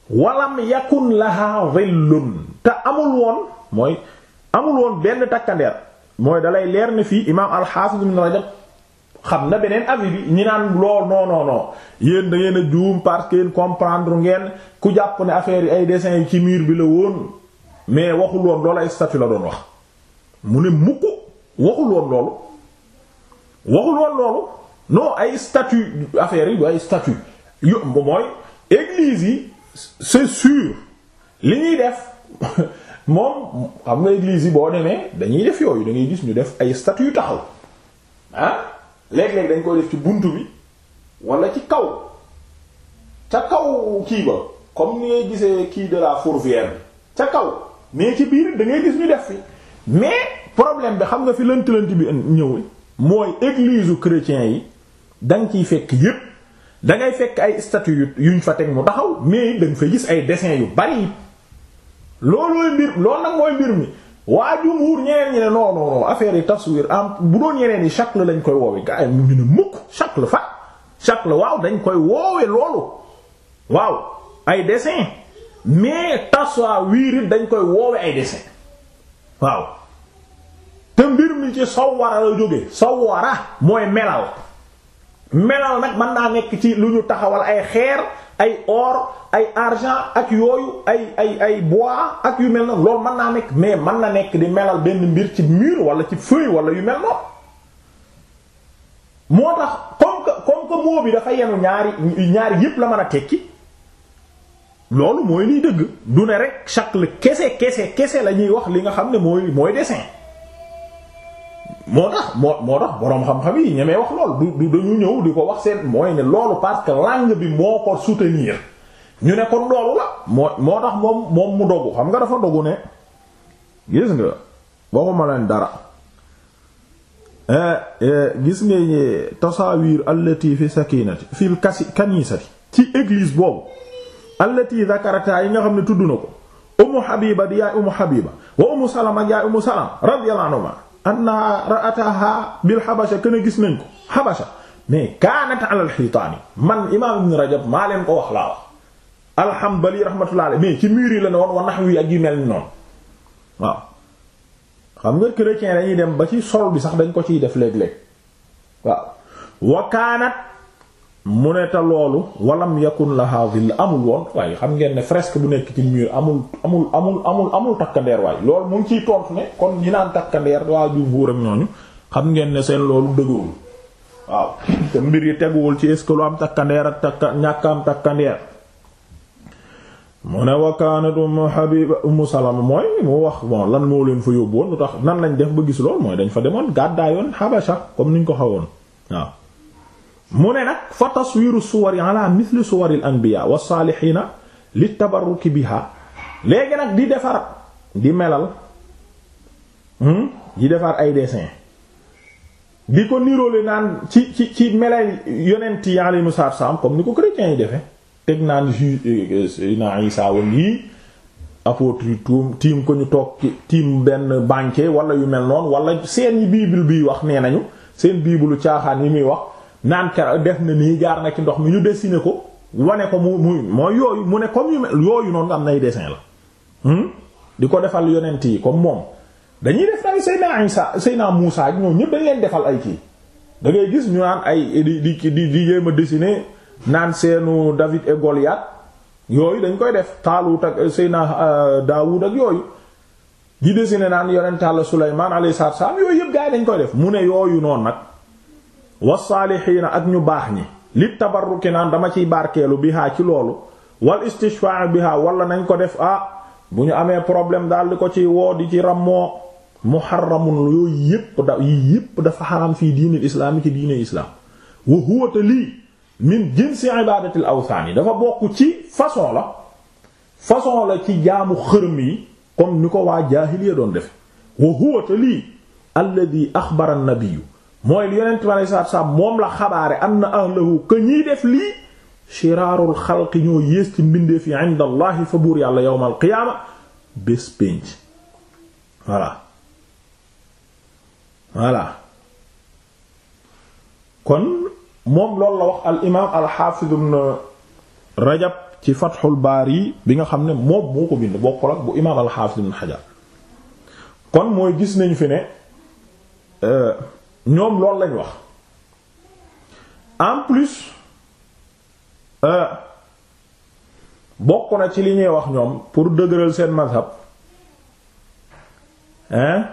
walam yakun laha dhillun te amul woon mooy amul woon benn takkandeer mooy dalay leer ni fii imaam al-Hafiz Rajab xam na beneen avis ñi naan lool non non non yéen da ngeen a juum parce que comprendre ngeen ku jàpp ne affaire yi ay dessins yi ci mur bi la woon. mais waxul woon loolu ay statut la doon wax mu ne mukk waxul loolu waxul loolu non ay statut affaire yi du ay statut yu mooy église yi c'est sûr def <laughs> moom xam nga église yi boo demee dañuy def yooyu da ngay gis ñu def ay statut yu taxaw ah léeg dañ koy def ci bunt bi wala ci kaw ca kaw kii ba comme ni ngay gisee kii de four fourvière ca kaw mais ci biir da ngay gis ñu def fi mais problème bi xam nga fi lënt lënt bi ñëw mooy église chrétien yi da nga ciy fekk yépp da ngay fekk ay statues yuñ fa teg mu taxaw mais danga nga fa gis ay dessins yu bari loolooy mbir loolu nag mooy mbir mi waa jumhur ñeneen ñi ne non non non affaire yi taswir am bu doon ñeneen yi shakl lañ koy woowe gaa yi mu ngi ne mukk shakl fa shakl waaw dañ koy woowe loolu waaw ay dessin mais tasaawiir dañ koy woowe ay dessin waaw te mbir mi ci sawwara la jóge sawwara mooy melal melal nag mën naa nekk ci lu ñu taxawal ay xeer ay or ay argent ak yooyu ay ay bois ak yu mel noonu loolu mën naa nekk mais mën na nekk di melal benn mbir ci mur wala ci feuille wala yu mel noonu moo tax comme que comme que moo bi dafa yenu ñaari ñaari yépp la mën a tekki loolu mooy liy dëgg du ne rek shakl kese kese kese la ñuy wax li nga xam ne mooy mooy dessin moo tax moo moo tax boroom xam-xam yi ñemee wax loolu du du dañu ñëw di ko wax seen mooy ne loolu parce que langue bi moo ko soutenir ñu ne ko loolu la moo moo tax moom moom mu dogu xam nga dafa dogu ne gis nga waxuma leen dara eh, eh, gis nga eh, tasaawiir allati fi sakinati fil kasi kanisati ci église boobu allati zakarata yi nga xam ne tudd na ko umu habiba di yaay umu habiba wa umu salama yaay umu salama radiyallahu anhuma anna ra'ataha bil habasha kën a gis nañ ko habasha mais kaanat ala alxiitaani man imaam ibn rajab ko wax laa wax alhambali rahmatullah alayhi mais ci mur yi la ne wa nahwi ak yu mel ni noonu waaw xam nga chrétien dañuy dem ba ci sol bi sax dañ ko ciy def léeg-léeg waaw wakaanat mu ne te loolu walam yakun la zill amul woon waaye xam ngeen ne fresque bu nekk ci mur amul amul amul amul amul takkandeer waaye lool mu ngi ciy tontu ne kon ñi naan takkandeer waa jumhuur ak ñooñu xam ngeen ne seen loolu dëgguwul waaw te mbir yi teguwul ci est-ce que lu am takkandeer ak takka ñàkk am takkandeer mu ne wa kaanat ummu habiba ummu salama mooy mu wax moo lan moo leen fa yóbbu woon lu tax nan lañ def ba gis lool mooy dañ fa demoon gàddaayoon habasha comme niñ ko xawoon waaw mu ne nag fa taswiru suwari ala mithli suwari al anbiya wa saalihiina li tabarruki biha léegi nag di defar di melal hmm, di defar ay dessin di ko niroole naan ci ci ci melal yonent yi alayhimu salaam comme ni ko chrétiens yi defee teg naan ju eh, naa Isaa woon yii apôtre yi tiim ko ñu toog tiim benn banquet wala yu mel noonu wala seen bible biy wax nee nañu seen bible caaxaan yi muy wax naan kara def na nii jaar na ci ndox mi ñu dessiné ko wane ko mu mu mooy yooyu mu ne comme yu yooyu noonu am nay dessin la hmm? di ko defal yonent yi ko moom dañuy def ay Seyna Isa ñoom ñëpp dañ leen defal ay kii da ngay gis ñu naan ay di di di di jéem a dessiné naan seenu David et Goliath yooyu dañ koy def Taalut ak Seyna euh, Daawud ak yooyu di dessiné naan yonent Yàlla Sulaymaan alayhi salaam yooyu yëpp gaa yi dañ koy def mu ne yooyu noonu nag wasaalixiina ak ñu baax ñi li tabarruki naan dama ciy barkeelu bihaa ci loolu wal istishfaa bihaa walla nañ ko def ah bu ñu amee problème daal di ko ci woo di ci rammoo muharramun yooyu yépp da yi yépp dafa xaram fii diinil islaam yi ci diinil islaam wa huwa lii min jinsi ibaadatil awsaan yi dafa bokk ci façon la façon la ci jaamu xërëm yi comme ni ko waa jaahiliya doon defe wa huwa lii alladi axbara mooy yonent bi moom la xabaare anna ahlahu que ñiy def lii shiraarul xalqi ñoo yées ci mbindeef yi fa buur yàlla yawmal qiyaama bés pénc voilà voilà kon moom loolu la wax al imaam al xaafiz ibn rajab ci fathul baari bi nga xam ne moom moo ko bind bokkul ak bu imaam al xaafiz ibn xajar kon mooy gis nañu fi ne euh, ñoom loolu lañ wax en plus euh, bokk na ci li ñuy wax ñoom pour dëgëral seen mazhab hein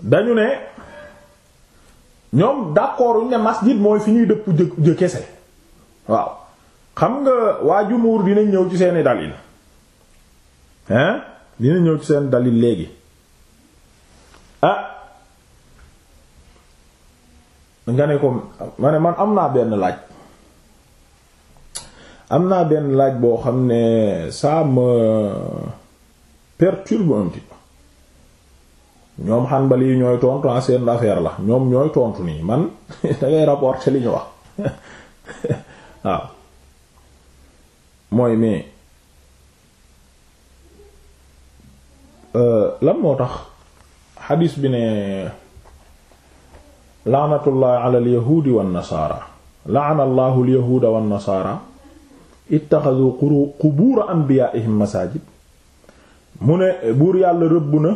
dañu ne ñoom d'accord uñ ne masjid mooy fi ñuy dëpp jë jë kese waaw xam nga waa jumuur dinañ ñëw ci seeni dalil hein dinañ ñëw ci seen dalil léegi ah, nga ne ko ma man am naa benn laaj am naa benn laaj boo xam ne ça me perturbe un petit peu ñoom Hanbali ñooy tontu seen affaire la ñoom ñooy tontu nii man <laughs> da ngay rapporter li ñu wax <laughs> waaw mooy mais euh, lan moo tax xadiis bi ne. laanatullah ala alyahuudi wannasaara laana allahu alyahuuda nasaara ittaxadu qubuura anbiyaa'ihim masaajid mu ne buur yàlla rëbb na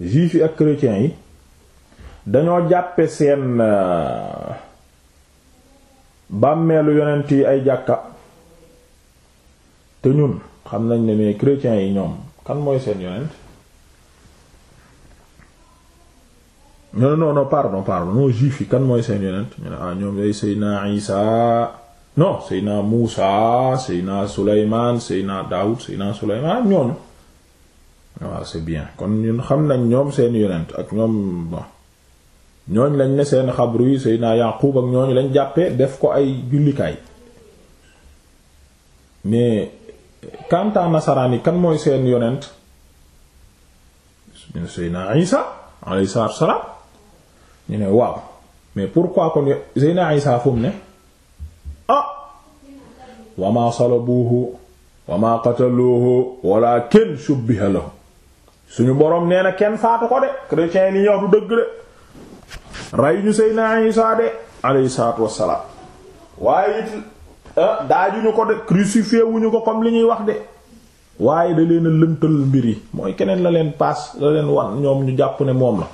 juifs yi ak chrétiens yi dañoo jàppe seen euh, bàmmeelu yonent yi ay jàkka te ñun xam nañ ne mais chrétiens yi ñoom kan mooy seen yonent ñu ne non non pardon pardon non juif yi kan mooy seen yonent ñoo ne ah ñoom day Seydina Isa non Seydina Muusa Seydina Suleymaan Seydina Daawud Seydina Suleymaan ñooñu waaw ah, c'est bien kon ñun xam nañ ñoom seen yonent ak ñoom bon ñooñ lañ ne seen xabru yi Seydina ak ñooñu lañ jàppee def ko ay jullikaay mais kanta nasaraan yi kan mooy seen yonent Seydina Isa alayhi salaam ñu ne waaw mais pourquoi kon Seydina Isa fu mu ne ah wa ma salabuhu wa ma qataluhu walakin shubbiha lahu suñu boroom nee na kenn faatu ko de chrétien ni ñoo du dëgg de rey ñu Seydina Isa de alayhi salaatu wassalaam waaye it ah, daajuñu ko de crucifié wuñu ko comme li ñuy wax de waaye da leen a lëntal mbir yi mooy keneen la leen paas la leen wan ñoom ñu jàpp ne moom la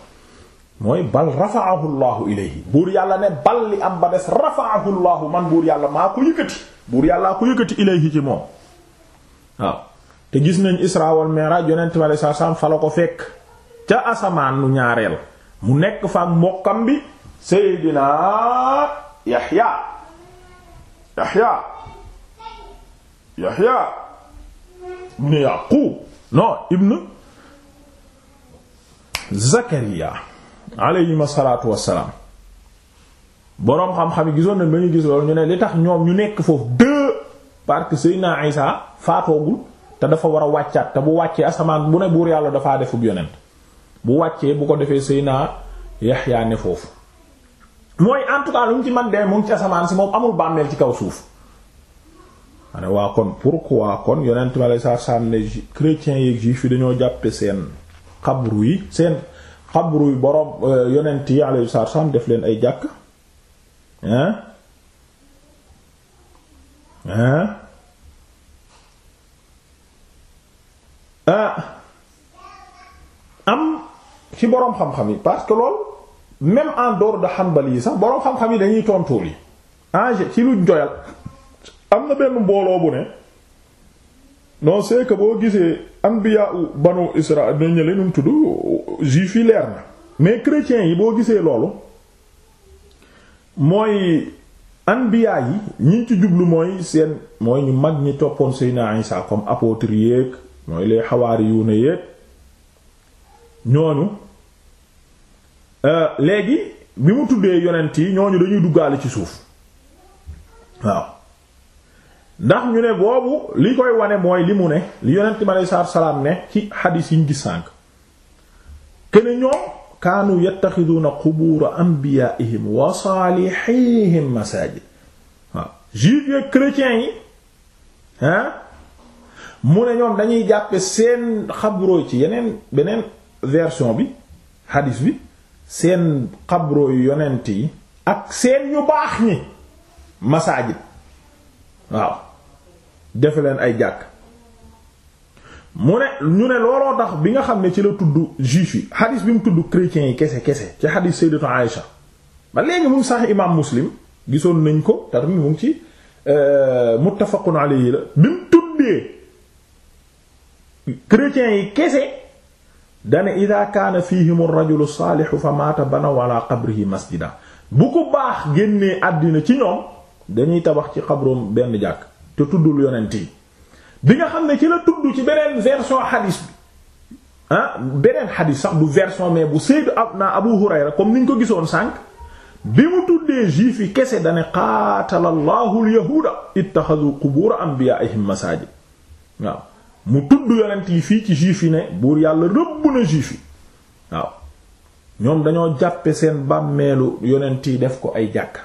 mooy bal rafa'ahu ilayhi buur yàlla ne bal li am ba des rafa'ahu Allahu man buur yàlla maa ko yëkkati buur yàllaa ko yëkkati ilayhi ci moom waaw te gis nañ Isra wal Mi'raj yonent bi alayhi salaam fa ko fekk ca asamaan ñaareel mu nekk fa mbokkam bi Seydina Yaxya Yaxya Yaxya ibn Yaqub non ibn Zakariya alayhim asalaatu wassalaam boroom xam-xam yi gisoon nañ ba ñuy gis loolu ñu ne li tax ñoom ñu nekk foofu deux parce que Seydina Isa faatoogul te dafa war a wàccaat te bu wàccee asamaan bu ne buur yàlla dafaa defub yonent bu wàccee bu ko defee Seydina Yaxya ne foofu mooy en tout cas ci man dee moom ngi ci asamaan si moom amul bàmmeel ci kaw suuf ma ne waa kon pourquoi kon yonent ma lay saa saam ne chrétiens yeeg juifs yi dañoo jàppe seen xabru yi seen xabru borom euh, yonent yi alayhi salaam def leen ay jàkk hein hein ah. am ci boroom xam-xam yi parce que lool même en dehors de Hanbali yi sax boroom xam-xam yi dañuy tontuul yi en ci luñ doyal am na benn mbooloo bu ne non c'est que boo gisee anbiya u banu Israël na ñële num tudd juif yi leer na mais chrétiens yi boo gisee loolu mooy anbiya yi ñi ci jublu mooy seen mooy ñu mag ñi toppoon Seydina Isa comme apôtre yéeg mooy les xawaari yu ne yéeg ñooñu euh, léegi bi mu tuddee yonent yi ñooñu dañuy duggaale ci suuf waaw ndax ñu ne boobu li koy wane mooy li mu ne li yonent mi salaam ne ci xadiis yi ñu gis sànk kene ñoom kaanu yattaxiduuna qubuura anbiyaa'ihim wa saalihihim masaajid waaw juifs yeek yi mu ne ñoom dañuy jàppe seen xabrooy ci yeneen beneen version bi xadiis bi seen xabrooyu yonent yi ak seen ñu baax ñi masaajid waaw defe leen ay jàkk mu ne ñu ne looloo tax bi nga xam ne ci la tudd juif yi xadis bi mu tudd chrétiens yi kese kese ci xadis sayyidatu Aïsha ba léegi mu ngi sax imaam muslim gisoon nañ ko te tamit mu ngi ci euh, muttafaqun alayhi la bi mu tuddee chrétiens yi kese dane ida kaana fihim ar-rajulu saalihu fa maata banaw ala qabrihi masjida bu ko baax génnee àddina ci ñoom dañuy tabax ci xabroom benn jàkk te tuddul yonent yi bi nga xam ne ci la tudd ci beneen version hadis bi ah, beneen hadis sax du version mais bu Seydou ab naa Abu Hurayra comme ñu ko gisoon sànq bi mu tuddee juif yi kese dane qaatalallahu alyahuuda ittaxadu qubuura anbiyaa'ihim masaajid waaw mu tudd yonent yi fii ci juif yi ne buur yàlla rëbb na juif yi waaw ñoom dañoo jàppe seen bàmmeelu yonent yi def ko ay jàkka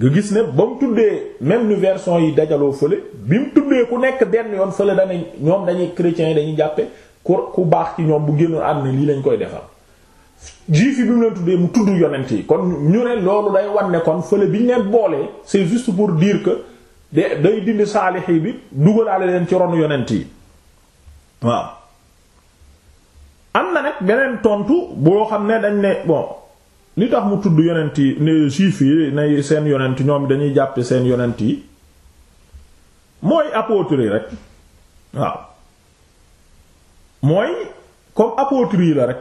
nga gis ne ba mu tuddee même nu version yi dajaloo fële bi mu tuddee ku nekk denn yoon fële dana ñoom dañuy chrétiens yi dañuy jàppe ku ku baax ci ñoom bu génnoon na lii lañ koy defal juif yi bi mu leen tuddee mu tudd yonent yi kon ñu ne loolu day wan ne fële bi ñu leen boolee c'est juste pour dire k de day dindi saalix bi bi dugalaale leen ci ronu yonent yi waaw am na nag beneen tontu boo xam ne dañ ne li tax mu tudd yonent yi ne juif yi ne seen yonent ñoom dañuy jàppe seen yonent yi mooy apôtre rek waaw mooy comme apôtre yi la rek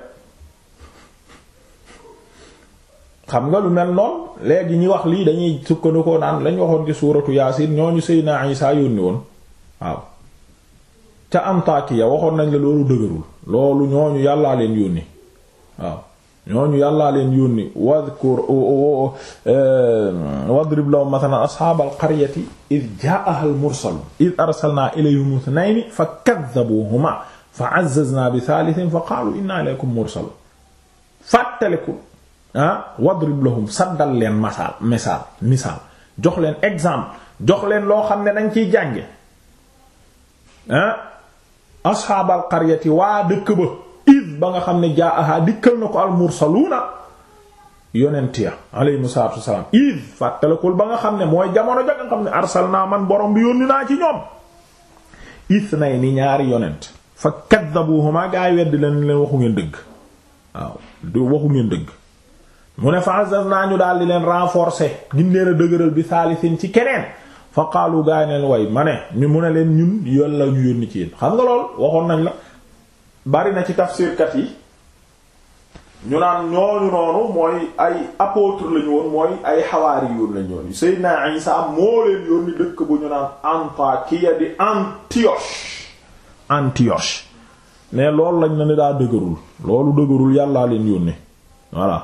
xam nga lu mel noonu léegi ñi wax lii dañuy sukkandikoo naan lañ waxoon ci suuratu yaasin naa Seydina Isaa yónni woon waaw ca Antakiya waxoon nañ la loolu dëgërul loolu ñooñu yàllaa leen yónni waaw ñooñu yàllaa leen yónni wadkur e, wadrib lahum mathalan ashaabal qaryati id jaa'aha al mursalun id arsalnaa ilayhim ithnayni fa kaddabuuhumaa fa azzaznaa bi thaalithin fa innaa ilaykum mursaluun fàttaliku ah wadrib lahum leen masaal misaal misaal jox leen exemple jox leen loo xam ne dañ ciy jànge ah ashaabal waa dëkk ba nga xam ne jaa aha dikkal na ko almursaluuna yonent ya aleyhimu salaatu wasalaam id fàttalikul ba nga xam ne mooy jamono ja nga xam ne arsalnaa man borom bi yónni naa ci ñoom isnay ni ñaari yonent fa kaddabuhuma gaa yi weddi leen leen waxu ngeen dëgg waaw du waxu ngeen dëgg mu ne fa naa ñu daal di leen renforcer gindee na dëgëral bi saalisin ci keneen fa qaalu gaa neen way ma ne ñu mu ne leen ñun yoon la ñu yónni ci yéen xam nga lool waxoon nañ la bari na ci tafsirkat yi ñu naan ñooñu noonu mooy ay apôtre lañu woon mooy ay xawaari yoon lañu woon Seydina Isa moo leen yónni dëkk bu ñu naan Antakiya di Antioche Antioche mais loolu lañ na ne daa dëgërul loolu dëgërul yàllaa leen yónni voilà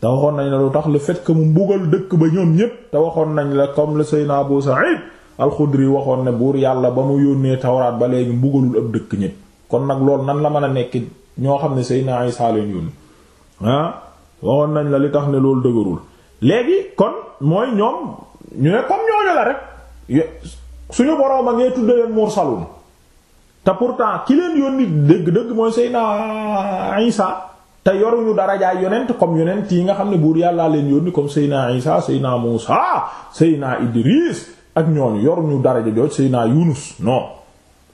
te waxoon nañ la lu tax le fait mu mbugal dëkk ba ñoom ñépp te waxoon nañ la comme le Seydina Abu Sa'id al-Khudri waxoon ne buur yàlla ba mu yónnee tawraat ba léegi mbugalul ab dëkk ñépp kon nag loolu nan la mën a nekk ñoo xam ne Seydina Isaa leen yónni ah waxoon nañ la li tax ne loolu dëgërul léegi kon mooy ñoom ñu ne comme ñooñu la rek suñu boroom a ngay tudde leen mursalun te pourtant ki leen yónni dëgg-dëgg mooy Seydina Isaa te yoruñu darajaay yonent comme yonent yi nga xam ne buur yàllaa leen yónni comme naa Isaa Seydina Muusaa Seydina Idris ak ñooñu yoruñu daraja jooj Seydina Yunus non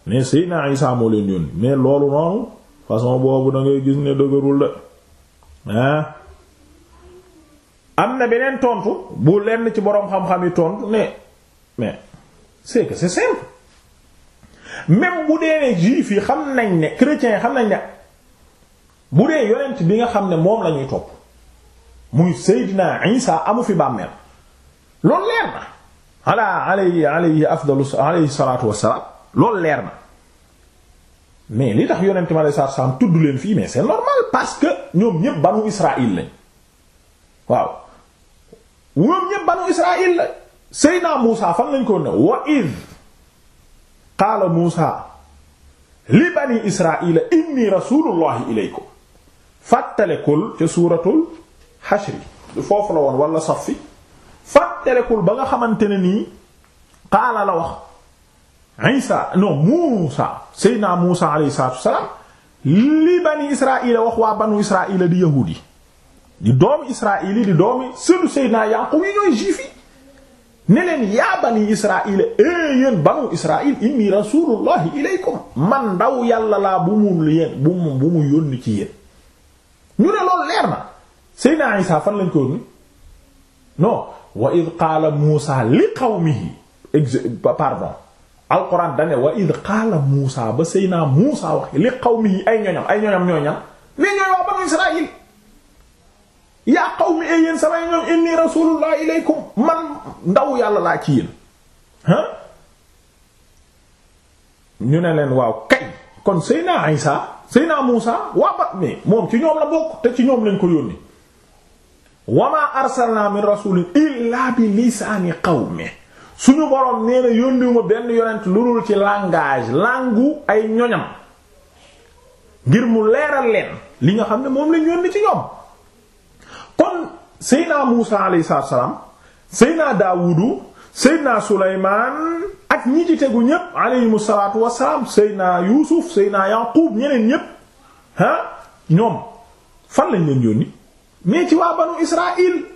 mais Seydina Isa moo leen yónni mais loolu noonu façon boobu da ngay gis ne dëgërul la am na beneen tontu bu lenn ci boroom xam-xam yi tontu ne mais c'est que simple même bu dee ne juif yi xam nañ ne chrétiens yi xam nañ ne bu dee yonent bi nga xam ne moom la ñuy topp muy Seydina Isa amu fi bàmmeel loolu leer na ala alayhi alayhi afdalu alayhi salaatu wassalaam loolu leer na mais li tax yonent mi alayhi salaatu salaam tudd leen fii mais c'est normal parce que ñoom ñépp banu Israël lañ waaw ñoom ñépp banu Israël lañ Seyna Muusa fan lañ ko ne wa iz qaala Muusa li bani Israël inni rasulullahi ilaykum fàttalekul ca suuratul Hashr foofu la woon wala Saff fàttalekul ba nga xamante ne nii qaala la wax. Isa non Muusa Seydina Muusa alayhi salaatu wassalaam li bani Israaïla wax waa banu Israaïla di yahuud yi di doomi Israaïl yi di doomi sënu Seydina Yaaqub yi ñooy juif yi ne leen yaa bani Israaïla e eh, yéen banu Israaïl inni rasuulullahi ilaykum man ndaw yàlla laa bu mu yéen bu mu bu mu yónni ci yéen ñu ne loolu leer na Seydina Isa fan lañ ko yónni non wa id qaala Muusa li qawmihi pardon alquran dane wa id qaala Muusa ba Seyna Muusa wax li qawmihi ay ñoñam ay ñoñam ñoñam mais ñooy waa banu Israël yaa qawmi ay yéen samay ñoom inni rasulullah ilaykum man ndaw yàlla laa ci yéen ah ñu ne leen waaw kay kon Seyna Isa Seyna Muusa waa ba mais moom ci ñoom la bokk te ci ñoom lañ ko yónni wa ma min rasulin illa bi lisaani qawmi suñu borom nee na yónniwuma benn yonent lu dul ci langage langu ay ñoñam ngir mu leeral leen li nga xam ne moom lañ yónni ci ñoom kon seydna Muusa alayhi salaatu salaam seydna Daawudu seydna Sulaymaan ak ñi ci tegu ñépp alayhimu salaatu wassalaam seydna Yuusuf seydna Yaaqub ñeneen ñépp ah ñoom fan lañ leen yónni mais ci waa banu Israaïl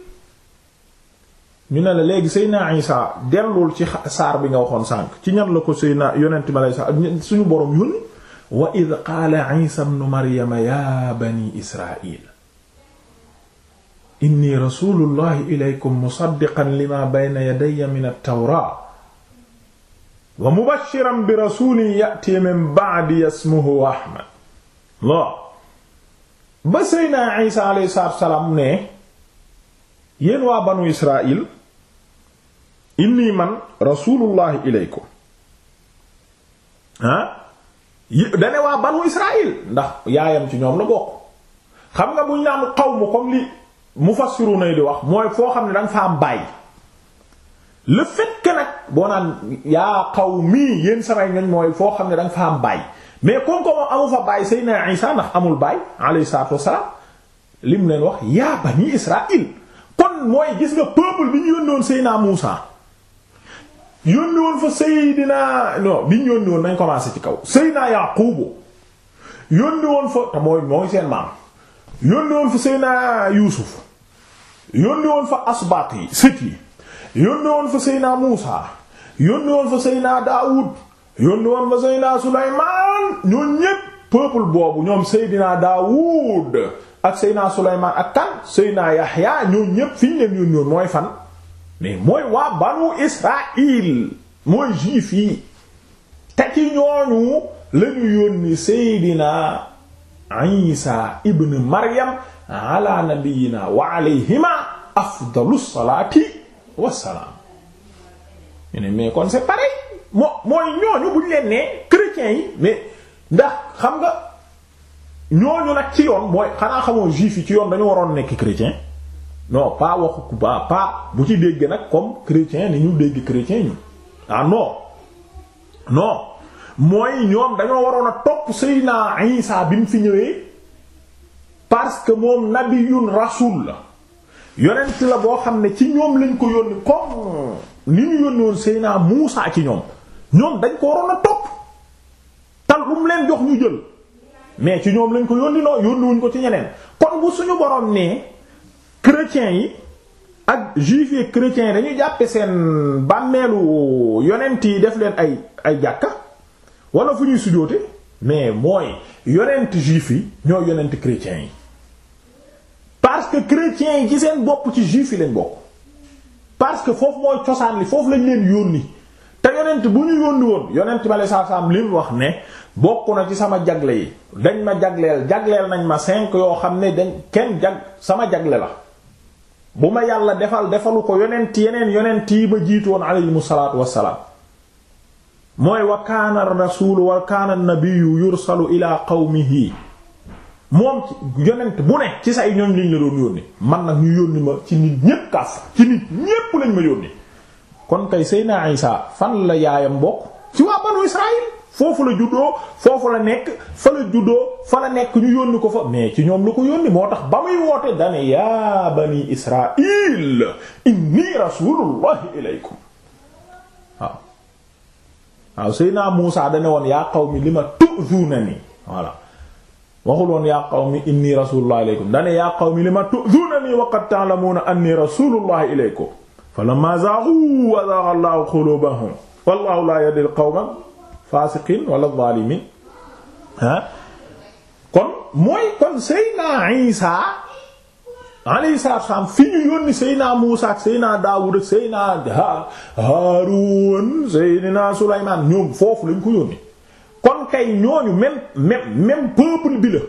ñu ne la léegi Seyna Isa dellul ci saar bi nga waxoon sànq ci ñan la ko Seyna yonent ma lay sax suñu borom yónni wa id qaala Isa ibnu Maryama ya bani Israil inni rasulullahi ilaykum musaddiqan lima bayna yadayya min at-tawra wa mubashiran bi rasulin ya'ti min ba'di ismuhu Ahmad lo ba Seyna Isa alayhi salaam ne yéen waa banu Israil inni man rasulullahi ilaykum ah dane waa banu israil ndax yaayam ci ñoom la bokk xam nga buñ naan mu comme li mufassiruna di wax mooy foo xam ne danga fa am bàyyi le fait nag boo naan yaa qawmi yéen samay ñoñ mooy foo xam ne danga fa am bàyyi mais kon ko moom amu fa bàyyi Seydina ndax amul bàyyi alayhi salaatu wassalaam lim leen wax yaa bani israil kon mooy gis nga peuple bi ñu yónnoon Seydina Muusa yónni woon fa Seydina non biñ yónni woon nañ commencé ci kaw Seydina Yaqubu yónni woon fa te mooy mooy seen maam yónni woon fa Seydina Yuusuf yónni woon fa asbaat yi sët yi fa Seydina Muusa yónni fa Seydina Daawud yónni fa Seydina Sulaymaan ñoom ñépp peuple boobu ñoom Seydina Daawud ak Seydina Sulaymaan ak kan seynaa Yaxya ñoom ñépp fi ñu leen yónni mooy fan mais mooy waa banu Israël mooy juif yi te ci ñooñu lañu yónni seydina Isa ibn Maryam ala nabiyina wa alayhima afdalu salaati wassalaam ñu ne mais kon c'est pareil moo mooy ñooñu buñ leen nee chrétiens yi mais ndax xam nga ñooñu nag ci yoon mooy xanaa xamoo juif yi ci yoon dañu waroon nekk chrétien non pas waxu ku paa bu ci dégg nag comme chrétien ni ñu dégg chrétien ñu ah non non mooy ñoom dañoo waroon a topp Seydina Isa bi mu fi ñëwee parce que moom nabiyun rasul la yonent la boo xam ne ci ñoom lañ ko yónni comme ni ñu yónni woon Seydina Muusa ci ñoom ñoom dañ ko waroon a topp tal lu mu leen jox ñu jël mais ci ñoom lañ ko yónni noo yónni wuñ ko ci ñeneen kon bu suñu borom nee chrétiens yi ak juifs yi chrétiens yi dañu jàppe seen bàmmeelu yonent yi def leen ay ay jàkka wala fu ñuy sujoote mais mooy yonent juif yi ñoo yonent chrétiens yi parce que chrétiens yi ci seen bopp ci juif yi lañ bokk parce que foofu mooy cosaan li foofu lañ leen yónni te yonent bu ñu yónni woon yonent bi aleyhi salaatu salaam li wax ne bokk na ci sama jagle yi dañ ma jagleel jagleel nañ ma cinq yoo xam ne dañ kenn jag sama jagle la bu ma yàlla defal defalu ko yonent yeneen yonent yi ma jiitoon aleyhim salaatu wassalaam mooy wa kaana rasuul wa kaana nabiyu yursalu ila qawmihi moom ci yonent bu ne ci say ñoñ liñ la doon yónni man nag ñu yónni ma ci nit ñépp kaas ci nit ñépp lañ ma yónni kon kay seyna Isaa fan la yaayam bokk ci waa banu Israayil foofu la juddoo foofu la nekk fa la juddoo fa la nekk ñu yónni ko fa mais ci ñoom la ko yónni moo tax ba muy woote dane yaa bani israil inni rasulullahi ilaykum waaw waaw Seydina Muusa dane woon yaa qawmi lima tu'zunani voilà waxul woon yaa qawmi inni rasulullahi ilaykum dane yaa qawmi lima tu'zunani wa qad ta'lamuna anni rasulullahi ilaykum falamma zaagu wa zaaga Allahu qulubahum wallahu la yahdi al-qawma faasiqin wala zalimin ah kon mooy kon Seyna Isa alayhi salaam fi ñu yónni Seyna Muusa ak Seyna Daawud ak Seyna Haarun ñoom foofu lañ ko yónni kon kay ñooñu même même même peuple bi la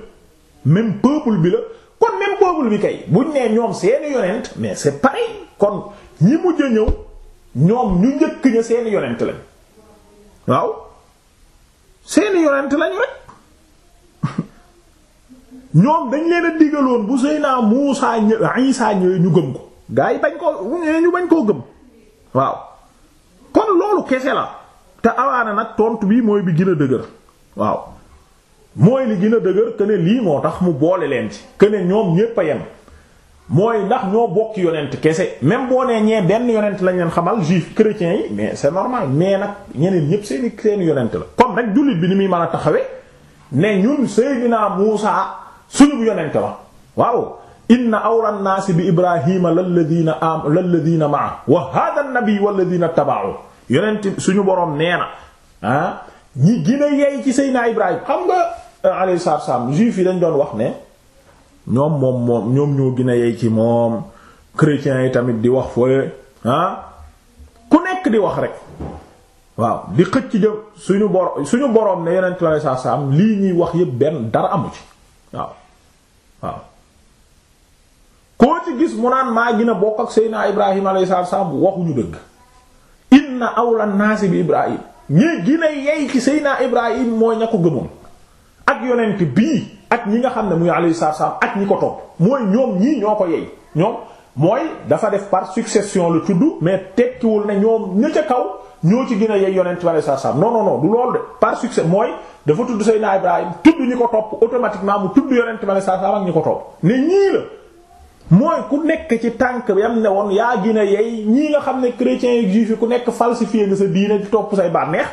même peuple bi la kon même peuple bi kay buñ nee ñoom seeni yonent mais c'est pareil kon ñi mujj a ñëw ñoom ñu njëkk ña seeni yonent lañ waaw seeni yonent lañ rek ñoom dañ leen a digaloon bu Seydina Muusaa ñëw Isaa ñëwee ñu gëm ko gaa yi bañ koo ñu bañ koo gëm waaw kon loolu kese la te awaana nag tontu bi mooy bi gën a dëgër waaw mooy li gin a dëgër que ne lii moo tax mu boole leen ci que ne ñoom ñépp a yem mooy ndax ñoo bokk yonent kese même boo nee ñee benn yonent lañ leen xamal juif chrétiens yi mais c'est normal mais nag ñeneen ñépp seeni seeni yonent la comme rek jullit bi ni muy mën a taxawee ne ñun Seydina Muusa suñu yonent la waaw bi inna awla an la bi ibrahima lalladina la lalladina maa wa hada an-nabi walladina taba'u yonent suñu boroom nee na ah ñi gën a yey ci Seydina Ibrahima xam nga euh, alayhi salaam juif yi dañ doon wax ne ñoom moom moom ñoom ñoo gën a yey ci moom chrétiens yi tamit di wax fooye ah ku nekk di wax rek waaw di xëcc jëm suñu bor suñu boroom ne yeneen clore saa lii ñuy wax yépp benn dara amu ci waaw waaw koo ci gis mu naan maa gën a bokk ak Seydina Ibrahim alayhi salaam waxuñu dëgg na awla naasi bi Ibrahim ñi gën a yey ci Seydina Ibrahim mooy ña ko gëmoon ak yonent bii ak ñi nga xam ne muy alayhi salaam ak ñi ko topp mooy ñoom ñii ñoo ko yey ñoom mooy dafa def par succession lu tudd mais tekkiwul ne ñoom ña ca kaw ñoo ci gën a yey yonent bi alayhi salaam non non non du loolu de par succès mooy dafa tudd Seydina Ibrahim tudd ñi ko topp automatiquement mu tudd yonent bi alayhi salaam ak ñi ko topp ne ñii la. mooy ku nekk ci tànk yam ne woon yaa gën a yey ñii nga xam ne chrétiens yi juifs ku nekk falsifié nga sa diine di topp say bànneex.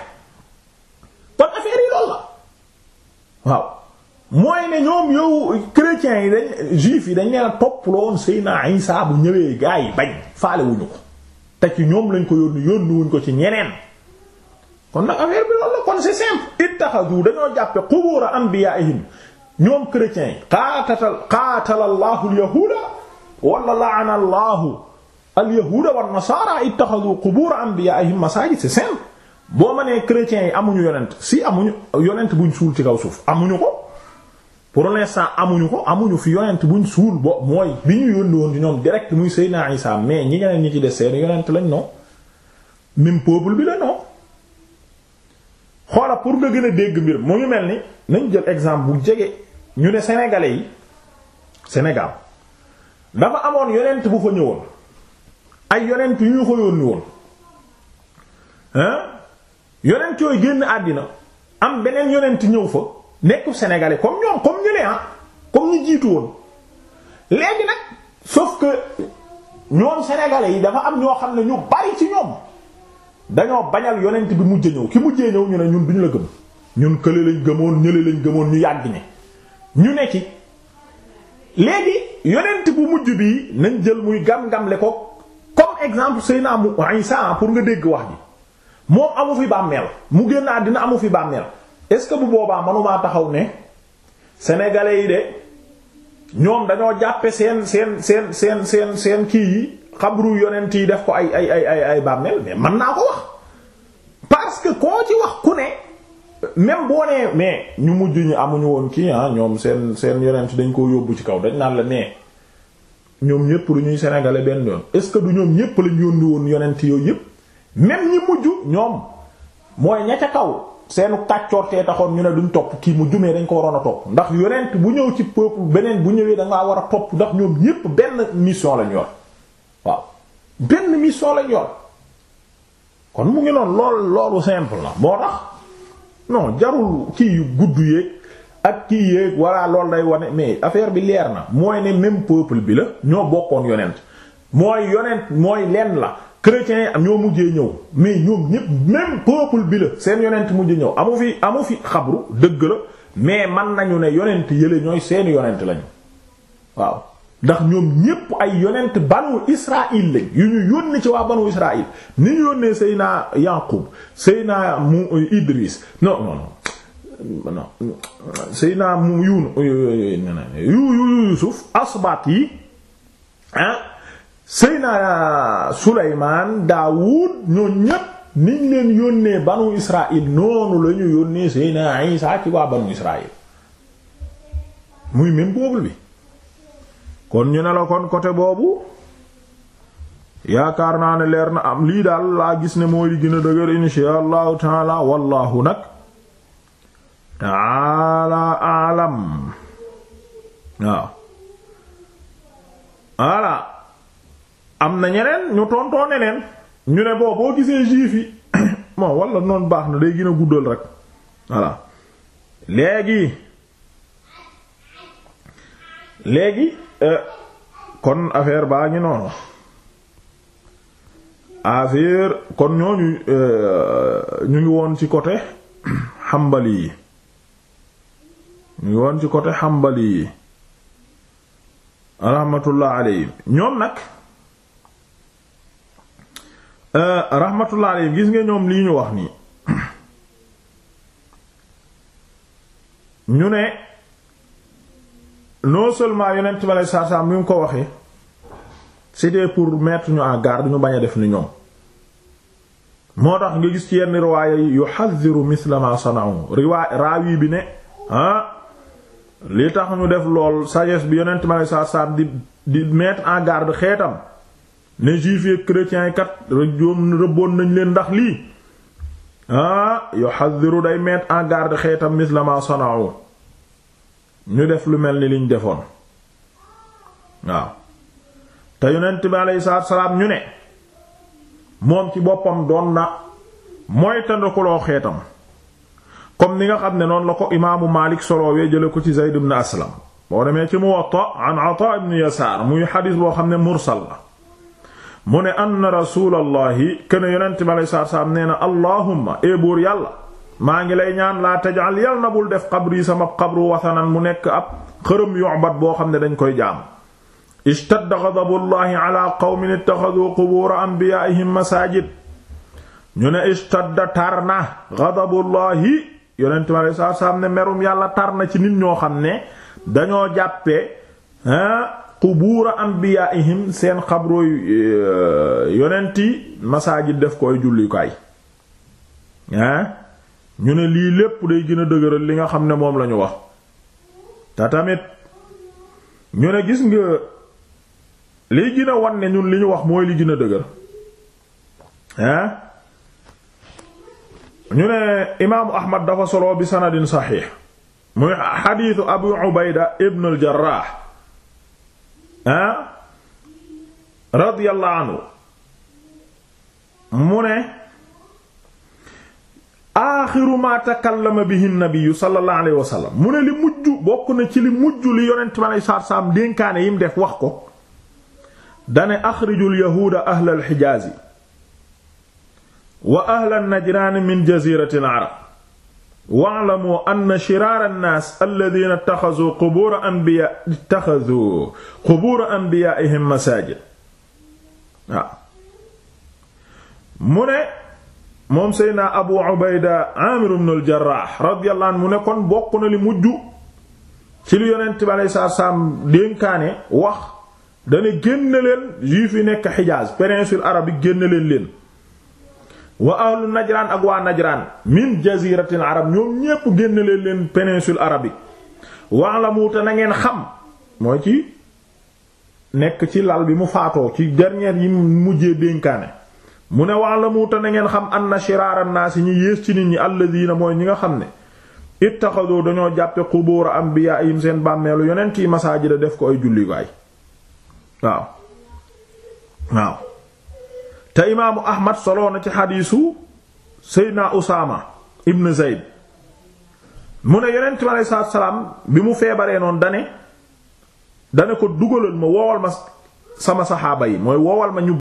waaw mooy ne ñoom yow yi dañ juifs yi dañ leen a topploon Seyna Isa bu ñëwee gaa yi bañ faale wuñu ko te ñoom lañ ko yónni yónni ko ci ñeneen kon nag affaire bi loolu kon c'est simple ittaxadu dañoo jàppe qubura anbiyaa'ihim ñoom chrétiens yi qaatatal qaatala allahu alyahuuda wala la'ana allahu alyahuuda wan nasaara ittaxadu qubura anbiyaa'ihim masaajid c'est simple boo ma nee chrétiens yi amuñu yonent si amuñu yonent buñ suul ci kaw suuf amuñu ko pour l'instant amuñu ko amuñu fi yonent buñ suul bo mooy bi ñu yónni woon di ñoom direct muy Seydina Isa mais ñi ñeneen ñi ci des seen yonent lañ non même peuple bi la non xoola pour nga gën a dégg mbir mu ngi mel ni nañ jël exemple bu jege ñu ne sénégalais yi Sénégal dafa amoon yonent bu fa ñëwoon ay yonent yu ñu ko yónni woon yonent yooyu génn àddina am beneen yonent ñëw fa nekku sénégalais comme ñoom comme ñu leen ah, comme ñu jiitu woon léegi nag sauf que ñoom sénégalais yi dafa am ñoo xam ne ñu bari ci ñoom dañoo bañal yonent bi mujj ñëw ki mujjee ñëw ñu ne ñun bu ñu la gëm ñun kële lañ gëmoon ñële lañ gëmoon ñu yàgg ñi ñu ne ci léegi yonent bu mujj bi nañ jël muy gam-gamle ko comme exemple Seydina Isa pour nga dégg wax ji moom amu fi bàmmeel mu génn dina amu fi bàmmeel est-ce que bu boobaa manumaa taxaw ne sénégalais yi de ñoom dañoo jàppe seen seen seen seen seen seen kii yi xabru yonent yi def ko ay ay ay ay ay bàmmeel mais mën naa ko wax parce que koo ci wax ku ne même boo nee mais ñu mujj amuñu woon kii ah ñoom seen seen yonent dañ koo yóbbu ci kaw dañ naan la mais ñoom ñépp lu ñuy sénégalais benn yoon est-ce que du ñoom ñépp lañ yónni woon yonent yooyu yépp même ñi mujj ñoom mooy ña ca kaw seenu kàccoortee taxoon ñu ne duñ topp kii mu jumee dañ ko waroon a topp ndax yonent bu ñëw ci peuple beneen bu ñëwee da war a topp ndax ñoom ñépp benn mission lañ yor waaw benn mission lañ yor kon mu ngi noonu lool loolu simple la moo tax non jarul kii yu gudd yeeg ak kii yeeg walla loolu day wane mais affaire bi leer na mooy ne même peuple bi la ñoo bokkoon yonent mooy yonent mooy lenn la chrétiens yi am ñoo mujjee ñëw mais ñoom ñépp même peuple bi la seen yonent mujj ñëw amu fi amu fi xabru dëgg la mais man nañu ne yonent yële ñooy seen yonent lañu waaw ndax ñoom ñépp ay yonent banu israil lañ yu ñu yónni ci waa banu israil ni ñu yónnee seyna yaqub seyna mu euh, idris non non non seyna mu yun euh, euh, yu yusuf asbat yi ah Seyna Suleymaan Daawud ñoo ñépp niñ leen yónnee banu Israël noonu la yónnee Seyna Isa ci muy même boobu bi kon ñu ne la kon côté boobu yaakaar naa ne leer na am lii daal laa gis ne mooy li gën a dëgër insha allahu taala wallahu nag taala waaw ala am na ñeneen ñu tontoone leen ñu ne boo boo gisee juif yi <coughs> bon wala noonu baax na day gën a guddal rek voilà léegi léegi euh, kon affaire baa ngi noonu affaire kon ñooñu euh, ñu ngi woon ci côté xambali <coughs> yi ñu ngi woon ci côté xambali yi rahmatullah alayhim ñoom nag Euh, rahmatullah gis nga ñoom lii ñu wax nii ñu ne non seulement yonent bi aleyhi salaatu salaam mi ngi ko waxee c'était pour mettre ñu en garde ñu bañ a def ni ñoom moo tax nga gis ci yenn riwaaya yi yuhadhiru misla ma sana'u riwaaya raawi bi ne ah li tax ñu def lool sagesse bi yonent bi aleyhi di di mettre en garde xeetam ne juif yi chrétiens kat rëjoom rëbboon nañ leen ndax lii ah yuhadhiru day mettre en garde xeetam misla ma sana'u ñu def lu mel ni liñ defoon waaw te yonent bi alayhi salaatu ñu ne moom ci boppam doon na mooy tandakuloo xeetam comme ni nga xam ne noonu la ko imaamu Maalik solowee jële ko ci Zayd ibn Aslam boo demee ci Muwatta an Ataa ibn Yasaar muy xadiis boo xam ne mursal la mu ne anna rasulallahi kene yonent bi alei satu salaam nee na allahumma e yàlla maa ngi lay ñaan laa tajal yal na bul def qabri sama qabru wasanan mu nekk ab xërëm yu'bad boo xam ne dañ koy jaam ishtadda ghadabullahi ala qawmin ittakhadhu qubur anbiya'ihim masajid ñu ne ishtadda tar na ghadabullahi yonent bi alei satu salaam ne merum yàlla tar na ci nit ñoo xam ne dañoo jàppee qubuura anbiyaa'ihim seen xabrooy euh, yonenti masaajid def koy jullukaay ñu ne lii lépp day gën a dëgëral li nga xam ne moom lañu wax te tamit ñu ne gis nga liy gën a wan li ñu wax mooy li gën a dëgër ñu ne imaamu ahmad dafa solo bi sanadin saxiix muy xadiisu abu ubayda ibn al ah radiyallahu anhu mu ne aaxiru ma bihi nabiyu sallallahu mu ne li mujj bokk na ci li mujj li yonent ma lay saar saam dénkaane yim def wax ko dane axrijul yahuuda ahlal xijaazi wa ahlal najraani min jaziratil arab wa'lamu anna shiraara an-naas alladhiina ittakhadhuu qubuura anbiyaa ittakhadhuu masaajid mu ne moom Seydina Abu Ubayda Aamir ibn al-Jarraah radiyallahu mu ne kon bokk na li mujj ci li Yonent bi alayhi salaam dénkaane wax dana génn leen juif yi nekk Hijaaz péninsule arabe yi génn leen leen wa ahlu najraan ak waa najraan min jaziratil arab ñoom ñépp génn leen leen péninsule arabe la te na ngeen xam mooy ci nekk ci lal bi mu faatoo ci dernier yi mujjee dénkaane mu ne la te na ngeen xam anna shiraara naasi ñi yées ci nit ñi alladina mooy ñi nga xam ne ittaxadoo dañoo jàppe xubuura anbiyaa'ihim seen bàmmeelu yonent yi masaajida def ko ay julli waay waaw waaw te imaamu ahmad soloo na ci xadiisu seydna usaama ibn zeyd mu ne yonent bi aleyhi salaatu salaam bi mu feebaree noon dane dane ko dugalal ma woowal ma sama saxaaba yi mooy woowal ma ñu